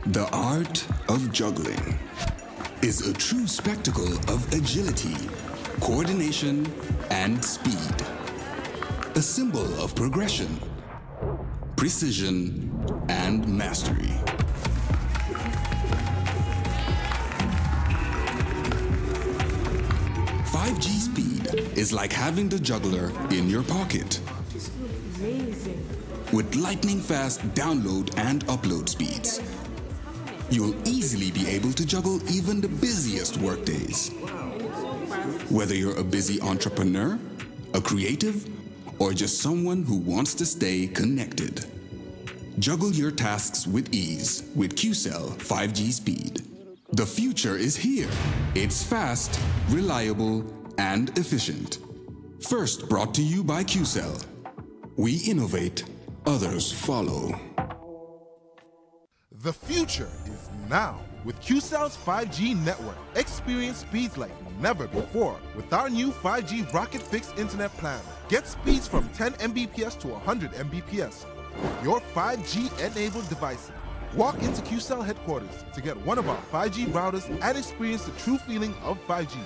The art of juggling is a true spectacle of agility, coordination, and speed. A symbol of progression, precision, and mastery. 5G speed is like having the juggler in your pocket. With lightning fast download and upload speeds, you'll easily be able to juggle even the busiest workdays. Whether you're a busy entrepreneur, a creative, or just someone who wants to stay connected. Juggle your tasks with ease with QCell 5G Speed. The future is here. It's fast, reliable, and efficient. First brought to you by QCell. We innovate, others follow. The future is now with QCell's 5G network. Experience speeds like never before with our new 5G Rocket Fix Internet plan. Get speeds from 10 Mbps to 100 Mbps. Your 5G enabled devices Walk into QCell headquarters to get one of our 5G routers and experience the true feeling of 5G.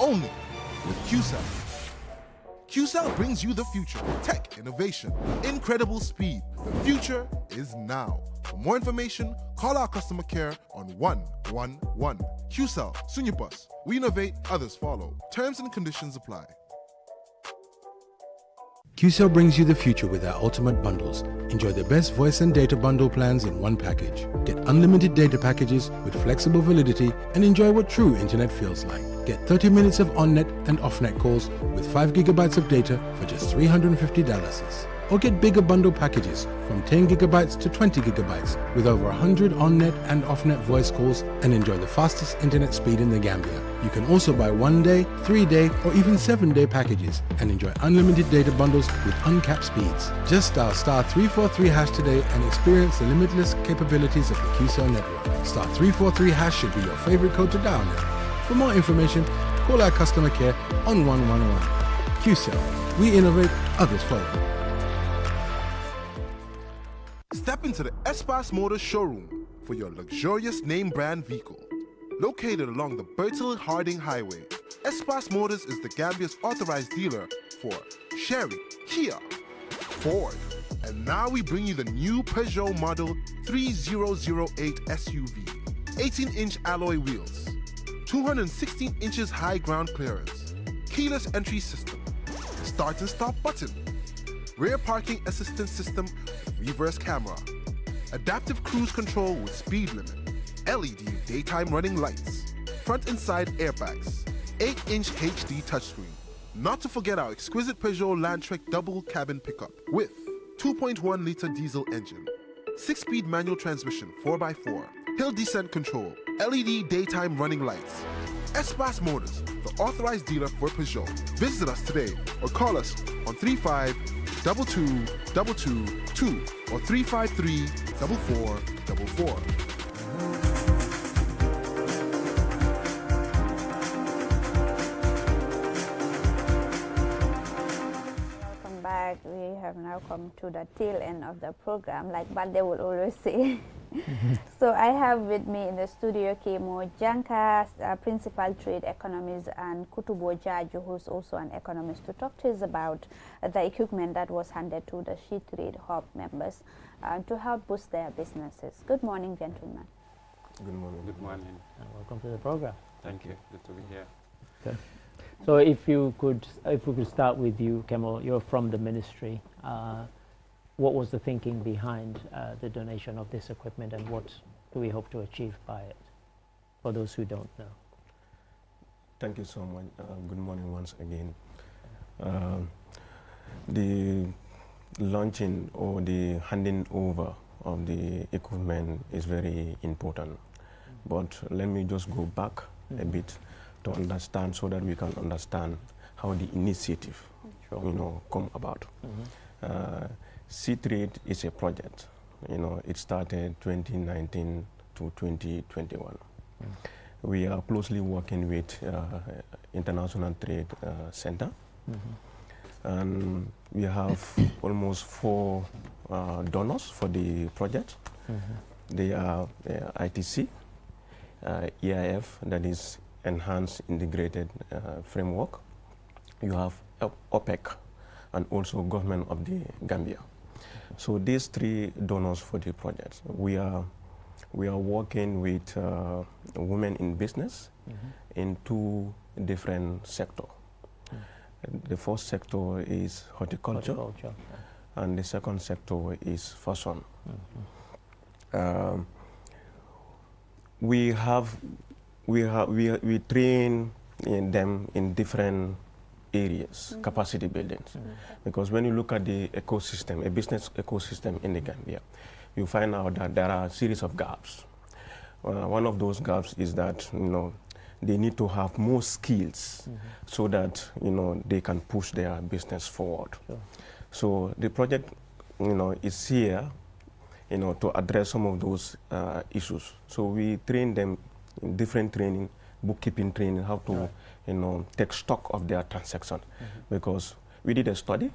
Only with QCell. QCell brings you the future, tech, innovation, incredible speed. The future is now. For more information, call our customer care on 111. QCell, Sunyapus. We innovate, others follow. Terms and conditions apply. QCell brings you the future with our ultimate bundles. Enjoy the best voice and data bundle plans in one package. Get unlimited data packages with flexible validity and enjoy what true internet feels like. Get 30 minutes of on-net and off-net calls with 5 gigabytes of data for just $350. Or get bigger bundle packages from 10 gigabytes to 20 gigabytes with over 100 on-net and off-net voice calls and enjoy the fastest internet speed in the Gambia. You can also buy one day, three day, or even seven day packages and enjoy unlimited data bundles with uncapped speeds. Just dial star 343 hash today and experience the limitless capabilities of the QCell network. Star 343 hash should be your favorite code to dial now. For more information, call our customer care on 111. QCell, we innovate, others follow. Step into the Espace Motors showroom for your luxurious name brand vehicle located along the Bertil Harding Highway. Espas Motors is the Gambia's authorized dealer for Sherry, Kia, Ford, and now we bring you the new Peugeot model 3008 SUV. 18-inch alloy wheels, 216 inches high ground clearance, keyless entry system, start and stop button, rear parking assistance system, reverse camera, adaptive cruise control with speed limit, LED daytime running lights, front and side airbags, 8-inch HD touchscreen. Not to forget our exquisite Peugeot Landtrek double cabin pickup with 2.1 liter diesel engine, 6-speed manual transmission 4x4, hill descent control, LED daytime running lights. Espace Motors, the authorized dealer for Peugeot. Visit us today or call us on 35 222 or 353 4444. like we have now come to the tail end of the program, like but they will always <laughs> say. so I have with me in the studio Kemo Janka, uh, Principal Trade Economist, and Kutubo Jaju, who's also an economist, to talk to us about uh, the equipment that was handed to the She Trade Hub members uh, to help boost their businesses. Good morning, gentlemen. Good morning. Good morning. And welcome to the program. Thank you. Good to be here. Okay. So if you could, if we could start with you, Kemal, you're from the ministry. Uh, what was the thinking behind uh, the donation of this equipment and what do we hope to achieve by it for those who don't know? Thank you so much. Uh, good morning once again. Uh, the launching or the handing over of the equipment is very important. Mm -hmm. But let me just go back mm -hmm. a bit to understand so that we can understand how the initiative, sure. you know, come about. Mm -hmm. uh, C-Trade is a project. You know, it started 2019 to 2021. Mm. We are closely working with uh, International Trade uh, Center. Mm -hmm. And we have almost four uh, donors for the project. Mm -hmm. They are uh, ITC, uh, EIF, that is enhanced integrated uh, framework. You have OPEC and also government of the Gambia. So these three donors for the project. We are, we are working with uh, women in business mm -hmm. in two different sectors. The first sector is horticulture, horticulture. and the second sector is fashion. Mm -hmm. um, we have we, have, we, we train in them in different areas, mm -hmm. capacity buildings. Mm -hmm. Because when you look at the ecosystem, a business ecosystem in the Gambia, you find out that there are a series of gaps. Uh, one of those gaps is that, you know, they need to have more skills mm -hmm. so that, you know, they can push their business forward. Sure. So the project, you know, is here, you know, to address some of those uh, issues. So we train them different training, bookkeeping training, how to right. you know take stock of their transaction, mm -hmm. because we did a study.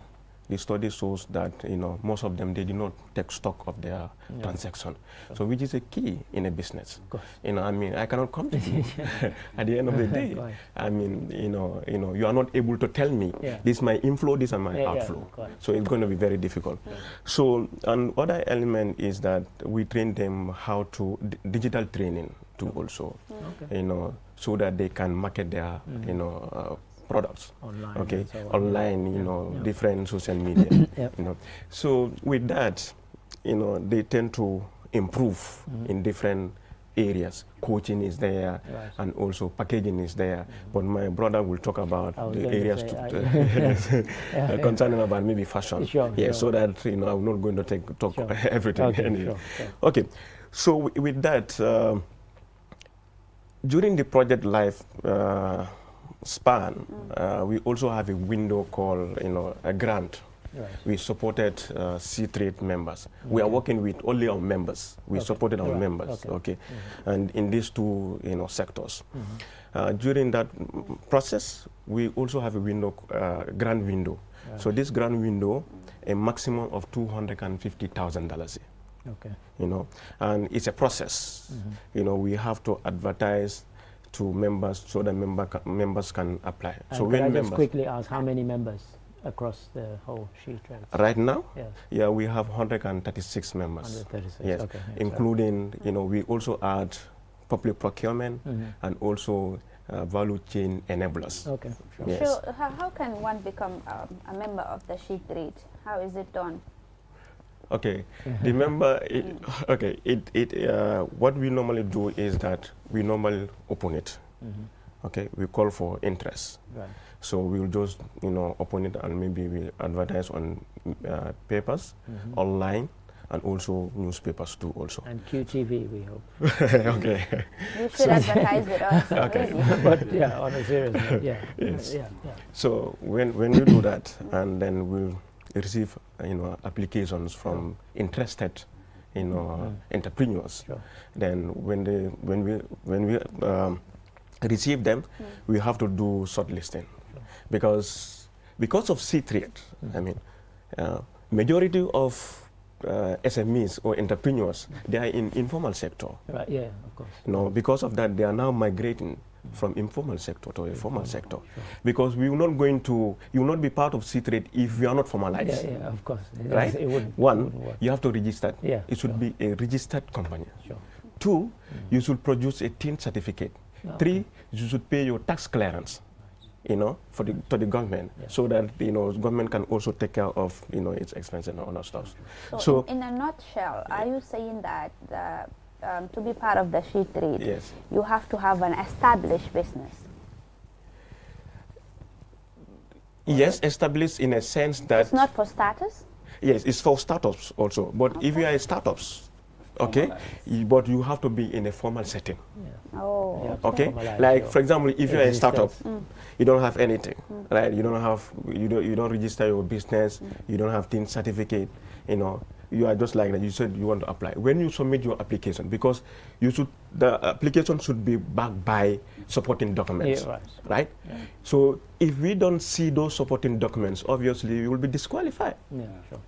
The study shows that you know most of them they did not take stock of their yeah. transaction, sure. so which is a key in a business. You know, I mean, I cannot come to you <laughs> <laughs> at the end of the <laughs> day. I mean, you know, you know, you are not able to tell me yeah. this is my inflow, this is my yeah, outflow. so it's going to be very difficult. So another element is that we train them how to digital training too also, mm. okay. you know, so that they can market their, mm. you know, uh, products online, okay so online you yeah. know yeah. different social media <coughs> yep. you know so with that you know they tend to improve mm -hmm. in different areas coaching is there right. and also packaging is there mm -hmm. but my brother will talk about the areas say, to, <laughs> yeah. <laughs> concerning about maybe fashion sure, yeah sure. so that you know i'm not going to take, talk sure. <laughs> everything okay, okay so with that uh, during the project life uh, span, uh, we also have a window called, you know, a grant. Right. We supported uh, C-Trade members. Okay. We are working with only our members. We okay. supported our right. members, okay, okay. Mm -hmm. and in these two, you know, sectors. Mm -hmm. uh, during that process, we also have a window, uh, grant window. Right. So this grant window, a maximum of two hundred and fifty thousand dollars. Okay. You know, and it's a process. Mm -hmm. You know, we have to advertise to members so that member ca members can apply. And so when I members just quickly ask how many members across the whole sheet right? Right now? Yes. Yeah, we have 136 members. 136. Yes. Okay. Including, you know, we also add public procurement mm -hmm. and also uh, value chain enablers. Okay. Sure. Yes. So how, can one become um, a member of the sheet rate? How is it done? Okay, mm-hmm. remember, it, okay, it, it, uh, what we normally do is that we normally open it. Mm -hmm. Okay, we call for interest. Right. So we'll just, you know, open it and maybe we advertise on uh, papers, mm -hmm. online, and also newspapers too also. And QTV, we hope. <laughs> okay. <laughs> You should advertise with us. <laughs> okay. but yeah, on a serious note, yeah. Yes. Yeah, yeah. So when, when you do that, and then we'll receive you know applications from interested you know entrepreneurs. Sure. Then when they when we when we um, receive them, we have to do shortlisting sure. because because of C3, I mm. mean, uh, majority of uh, SMEs or entrepreneurs, they are in informal sector. Right, yeah, of course. no, because of that, they are now migrating from informal sector to a formal sector. Sure. Because we are not going to, you will not be part of C-Trade if you are not formalized. Yeah, yeah of course. Right? It would, One, it you have to register. Yeah, it should sure. be a registered company. Sure. Two, mm -hmm. you should produce a TIN certificate. Three, you should pay your tax clearance you know, for the, to the government, yeah. so that you know, government can also take care of you know its expenses and all that stuff. So, so in, in, a nutshell, yeah. are you saying that the um, to be part of the sheet trade, yes. you have to have an established business. Yes, established in a sense that... It's not for starters? Yes, it's for startups also. But okay. if you are a startups, okay, Formalized. but you have to be in a formal setting. Yeah. Oh. Okay. okay? Like, for example, if you're a startup, mm. you don't have anything, mm. right? You don't have, you don't, you don't register your business, mm. you don't have team certificate, you know you are just like that. You said you want to apply. When you submit your application, because you should, the application should be backed by supporting documents, yeah, right? right? Yeah. So if we don't see those supporting documents, obviously you will be disqualified. Yeah, sure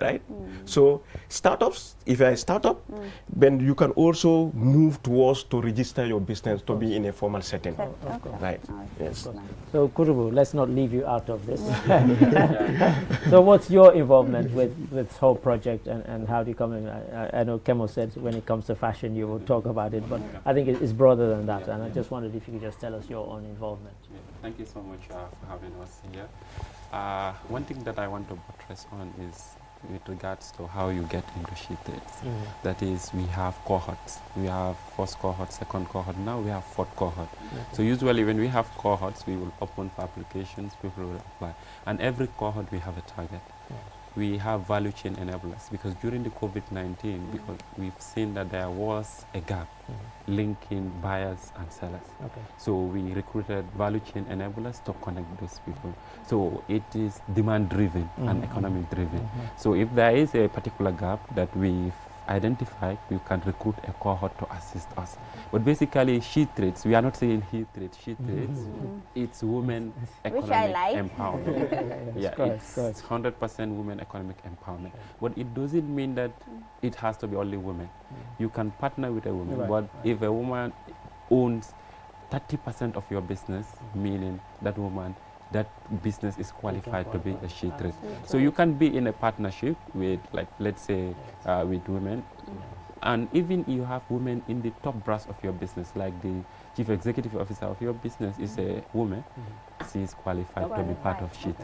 right? Mm. So startups, if I start up, mm. then you can also move towards to register your business to be in a formal setting, okay. right? Yes. So Kurubu, let's not leave you out of this. Mm. <laughs> so what's your involvement with, this whole project and, and how do you come in? I, I know Kemo said when it comes to fashion, you will talk about it, but I think it's broader than that. Yeah. And I just wondered if you could just tell us your own involvement. Yeah. Thank you so much uh, for having us here. Uh, one thing that I want to buttress on is with regards to how you get into sheatades. Mm mm-hmm. That is, we have cohorts. We have first cohort, second cohort. Now we have fourth cohort. Mm -hmm. So usually when we have cohorts, we will open for applications, people will apply. And every cohort, we have a target we have value chain enablers because during the COVID-19, mm -hmm. because we've seen that there was a gap mm -hmm. linking buyers and sellers. Okay. So we recruited value chain enablers to connect those people. So it is demand-driven mm -hmm. and mm-hmm. economic-driven. Mm-hmm. So if there is a particular gap that we identified, we can recruit a cohort to assist us. But basically, she trades, we are not saying he trades, she trades, mm -hmm. it's women economic Which I like. empowerment. <laughs> yeah, yeah it's 100% women economic empowerment. But it doesn't mean that mm. it has to be only women. Mm. You can partner with a woman, right, but right. if a woman owns 30% of your business, meaning that woman that business is qualified to be a sheetress. So you can be in a partnership with, like, let's say, uh, with women. And even you have women in the top brass of your business, like the chief executive officer of your business is a mm-hmm. woman, mm-hmm. she is qualified to be part of trade.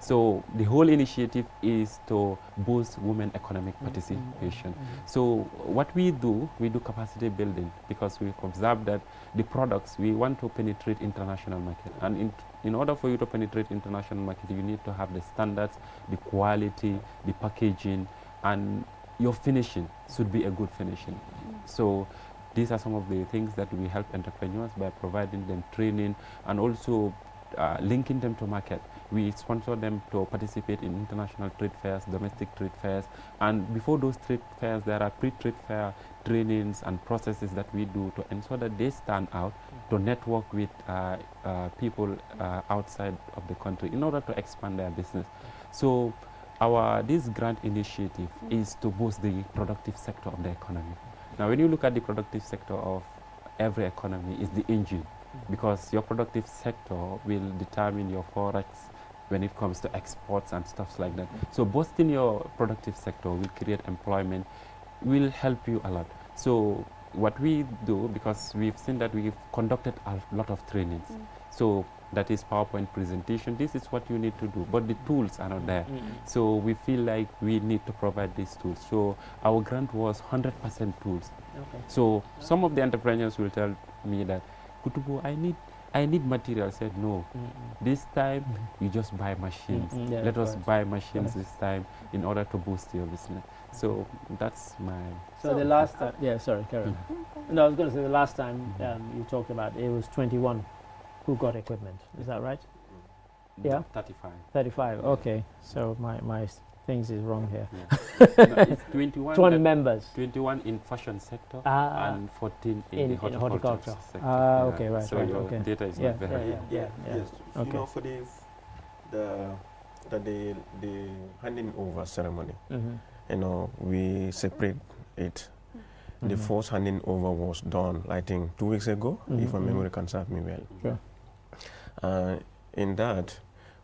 So the whole initiative is to boost women economic mm-hmm. participation. So what we do, we do capacity building because we've observed that the products, we want to penetrate international market. And in in order for you to penetrate international market, you need to have the standards, the quality, the packaging, and your finishing should be a good finishing. Mm. So these are some of the things that we help entrepreneurs by providing them training and also uh, linking them to market we sponsor them to participate in international trade fairs, domestic trade fairs, and before those trade fairs, there are pre-trade fair trainings and processes that we do to ensure that they stand out to network with uh, uh, people uh, outside of the country in order to expand their business. So our this grant initiative mm. is to boost the productive sector of the economy. Now, when you look at the productive sector of every economy, it's the engine mm-hmm. because your productive sector will determine your forex when it comes to exports and stuff like that. So boosting your productive sector will create employment, will help you a lot. So what we do, because we've seen that we've conducted a lot of trainings, mm. so that is PowerPoint presentation, this is what you need to do, but the tools are not there. Mm. So we feel like we need to provide these tools. So our grant was 100% tools. Okay. So okay. some of the entrepreneurs will tell me that, Kutubu, I need I need material. I said, no, this time you just buy machines. Yeah, Let us buy machines this time in order to boost your business. So that's my. So, so the last uh, time, yeah, sorry, Karen. Mm-hmm. Mm-hmm. No, I was going to say the last time mm-hmm. um, you talked about it was 21 who got equipment. Is that right? Mm. Yeah? 35. 35, okay. So my, my things is wrong here. Yeah. <laughs> no, 21, 20 members. 21 in fashion sector ah. and 14 in, in, in horticulture, ah, sector. yeah. Okay, right. So right, your okay. data is yeah, not very yeah, yeah, yeah, Yes. Okay. You know, for the, the, the, the handing over ceremony, mm -hmm. you know, we separate it. Mm -hmm. The mm-hmm. first handing over was done, I think, two weeks ago, mm -hmm. if my mm-hmm, memory mm-hmm. can serve me well. Sure. Uh, in that,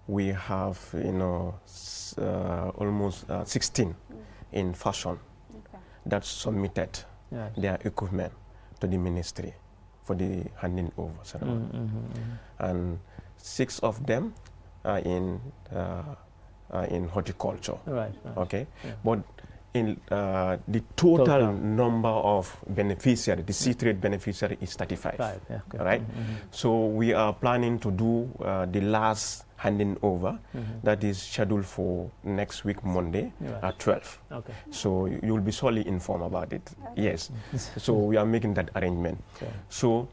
we have you know uh, almost uh, 16 mm. in fashion okay. that submitted their equipment to the ministry for the handing over ceremony. Mm -hmm, mm -hmm. And six of them are in uh, in horticulture. Right. right. Okay, yeah. but in uh, the total, total, number of beneficiary, the sea trade beneficiary is 35. Right. Yeah, okay. Right. Mm -hmm. So we are planning to do uh, the last handing over mm -hmm. that is scheduled for next week Monday at 12. Okay. So you'll be solely informed about it. Yes. <laughs> so we are making that arrangement. Okay. So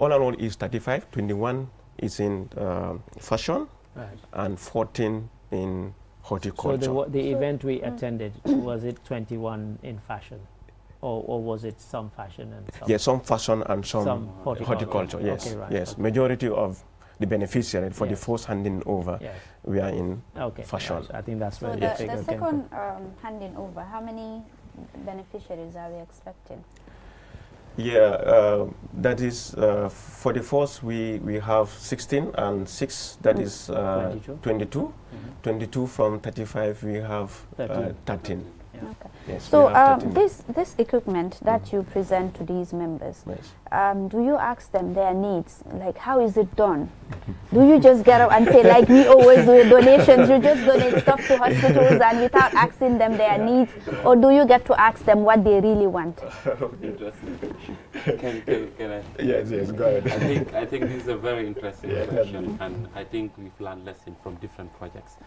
all in all is 35, 21 is in uh, fashion right. and 14 in horticulture. So the, the event we mm. attended, was it 21 in fashion? Or, or, was it some fashion and some? Yes, yeah, some fashion and some, some horticulture. horticulture. Yes, okay, right, yes. Okay. Majority of the beneficiary for yes. the first handing over yes. we are in okay. fashion. Yes. I think that's the, the, second um, handing over, how many beneficiaries are we expecting? Yeah, uh, that is uh, for the force we, we have 16 and 6, That mm. is uh, 22. 22. Mm -hmm. 22. from 35 we have uh, 13. 13. Yes, so um, this this equipment that mm. you present to these members, yes. um, do you ask them their needs? Like how is it done? <laughs> do you just get up and say like we always do donations? You just donate stuff to hospitals and without asking them their needs, or do you get to ask them what they really want? <laughs> <laughs> Can, can, can I? Yes, yes, go ahead. I think I think this is a very interesting yeah, question, and I think we've learned lesson from different projects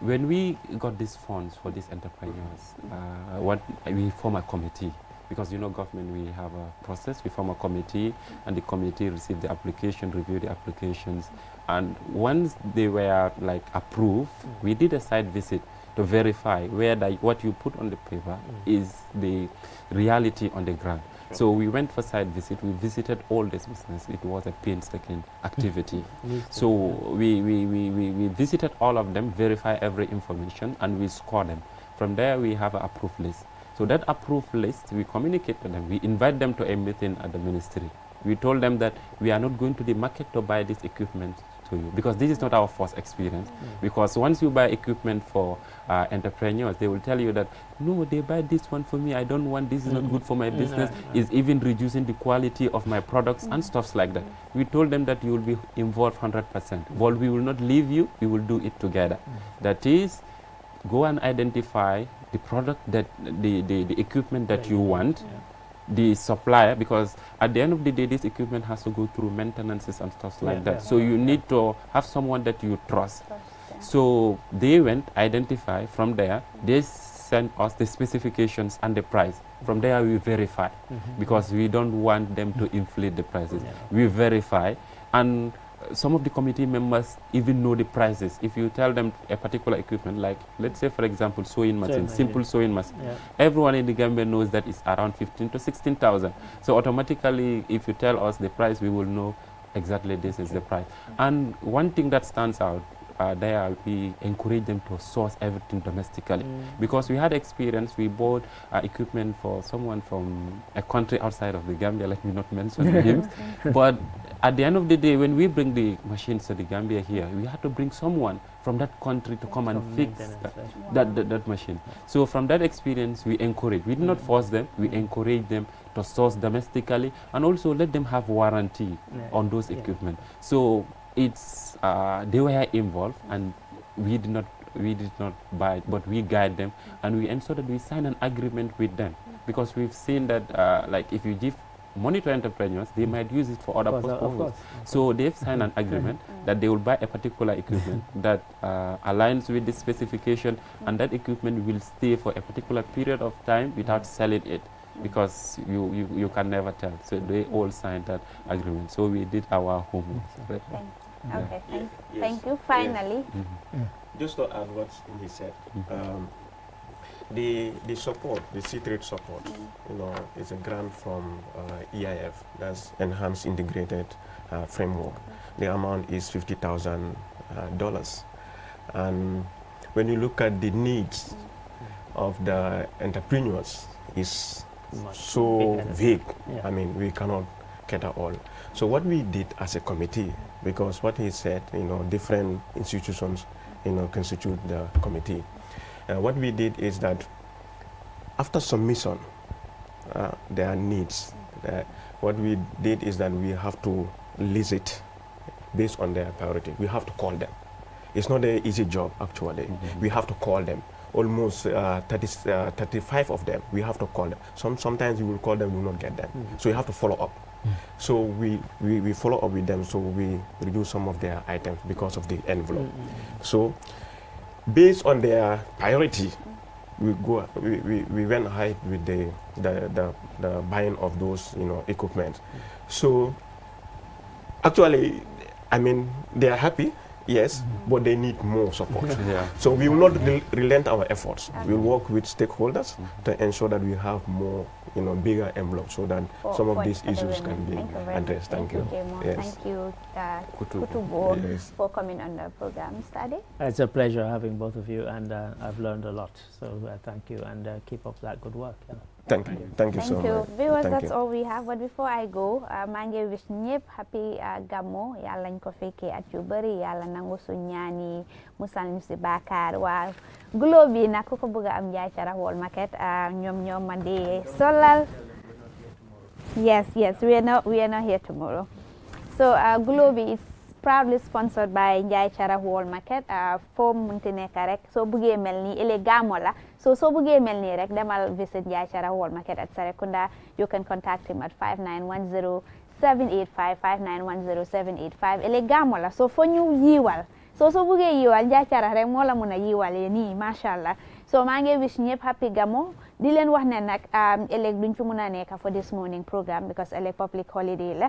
when we got these funds for these entrepreneurs, uh, what, we form a committee because you know government we have a process we form a committee and the committee receive the application review the applications and once they were like approved mm we did a site visit to verify whether what you put on the paper mm is the reality on the ground so we went for site visit. We visited all these businesses. It was a painstaking activity. <laughs> so we, we, we, we, we visited all of them, verify every information, and we score them. From there, we have an approved list. So that approved list, we communicate to them. We invite them to a meeting at the ministry. We told them that we are not going to the market to buy this equipment to you because this is not our first experience. Mm. Because once you buy equipment for uh, entrepreneurs, they will tell you that no, they buy this one for me. I don't want this. Is mm not mm-hmm. good for my mm-hmm. business. No, no. Is even reducing the quality of my products mm. and mm-hmm. stuffs like that. We told them that you will be involved 100 percent. Well, we will not leave you. We will do it together. That is, go and identify the product that the the, the equipment that yeah, you yeah. want. Yeah the supplier eh, because at the end of the day this equipment has to go through maintenances and stuff like that yeah, so you need to have someone that you trust, trust so they went identify from there they sent us the specifications and the price from there we verify mm -hmm. because we don't want them to mm-hmm. inflate the prices we verify and some of the committee members even know the prices. If you tell them a particular equipment, like let's say for example sewing machine, simple sewing machine, yeah. everyone in the Gambia knows that it's around 15 to 16,000. So automatically, if you tell us the price, we will know exactly this is the price. And one thing that stands out uh, there, we encourage them to source everything domestically. Mm. Because we had experience, we bought uh, equipment for someone from a country outside of the Gambia, let me not mention him. <laughs> but at the end of the day, when we bring the machines to the Gambia here, we had to bring someone from that country to come and fix that, that, that, that, machine. So from that experience, we encourage. We do not mm. force them. We mm. encourage them to source domestically and also let them have warranty yeah. on those yeah. equipment. So it's uh, they were involved and we did not we did not buy it, but we guide them and we ensure that we sign an agreement with them because we've seen that uh, like if you give money to entrepreneurs, they might use it for other course, purposes. So they've signed an agreement <laughs> mm. that they will buy a particular equipment <laughs> that uh, aligns with the specification and that equipment will stay for a particular period of time without selling it because you, you, you can never tell. So they all signed that agreement. So we did our homework. Okay, thank, yes. thank you. Finally. Yes. Mm-hmm. Just to add what he said, mm-hmm. um, the the support, the sea support, mm. you know, is a grant from uh, EIF, that's Enhanced Integrated uh, Framework. Mm. The amount is fifty thousand uh, dollars, and when you look at the needs mm. of the entrepreneurs, is so vague. Yeah. I mean, we cannot cater all. So what we did as a committee because what he said, you know, different institutions, you know, constitute the committee. Uh, what we did is that after submission, uh, there are needs. Uh, what we did is that we have to list it based on their priority. We have to call them. It's not an easy job, actually. Mm -hmm. We have to call them almost uh, 30, uh, 35 of them. We have to call them. Some, sometimes you will call them, you will not get them. Mm -hmm. So you have to follow up. Mm. So we, we, we, follow up with them, so we reduce some of their items because of the envelope. Mm -hmm. So based on their priority, we go we, we, we went high with the, the, the, the, buying of those you know equipment. Mm. So actually I mean they are happy yes, but they need more support. <laughs> Yeah. So we will not rel relent our efforts. We will work with stakeholders mm-hmm. to ensure that we have more, you know, bigger envelope so that for, some of these issues can be addressed. Thank, you. Thank you, uh, Kutubo, yes. for coming on the program, Study. It's a pleasure having both of you, and uh, I've learned a lot. So uh, thank you, and uh, keep up that good work. Yeah. thank you thank you so much that's all we have but before I go uh, maa ngi wish ñëpp happy uh, gammo yàlla ñu ko fekkee at yu bëri yàlla nangu su ñaan yi musal ñu si baakaar nag ku ko bëgg a am njaay carax wol market uh, ñoom ñoom ma di solal yes yes we are not we are not here tomorrow so Glo is proudly sponsored by Njie Charaf Wall Market foo munti nekk rek soo mel ni ele gaamo la so soo bëggee mel nii rek demal visit Njie Chara Wall Market at Serekunda you can contact him at 5910 785 5910 785 ele gaamo la so fo ñu yiiwal so so bëggee yiiwal Njie Chara rek moo la mun a yiiwalee nii macha allah so maa ngi wish ñëpp happy gamo di leen wax ne nag um, ëllëg duñ fi mun a nekk for this morning programme because ëllëg public holiday la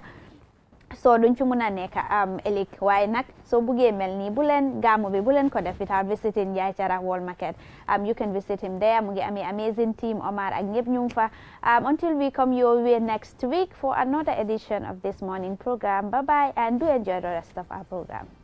so don't you a nekk am ëllëg waaye nag So buggee mel nii bu leen gàmmu bi bu leen ko def itam visit Njie Charah Wall Market am um, you can visit him there mu ngi amee amazing team Omar ak ñëpp ñu ngi fa um, until we come your way next week for another edition of this morning program bye bye and do enjoy the rest of our program.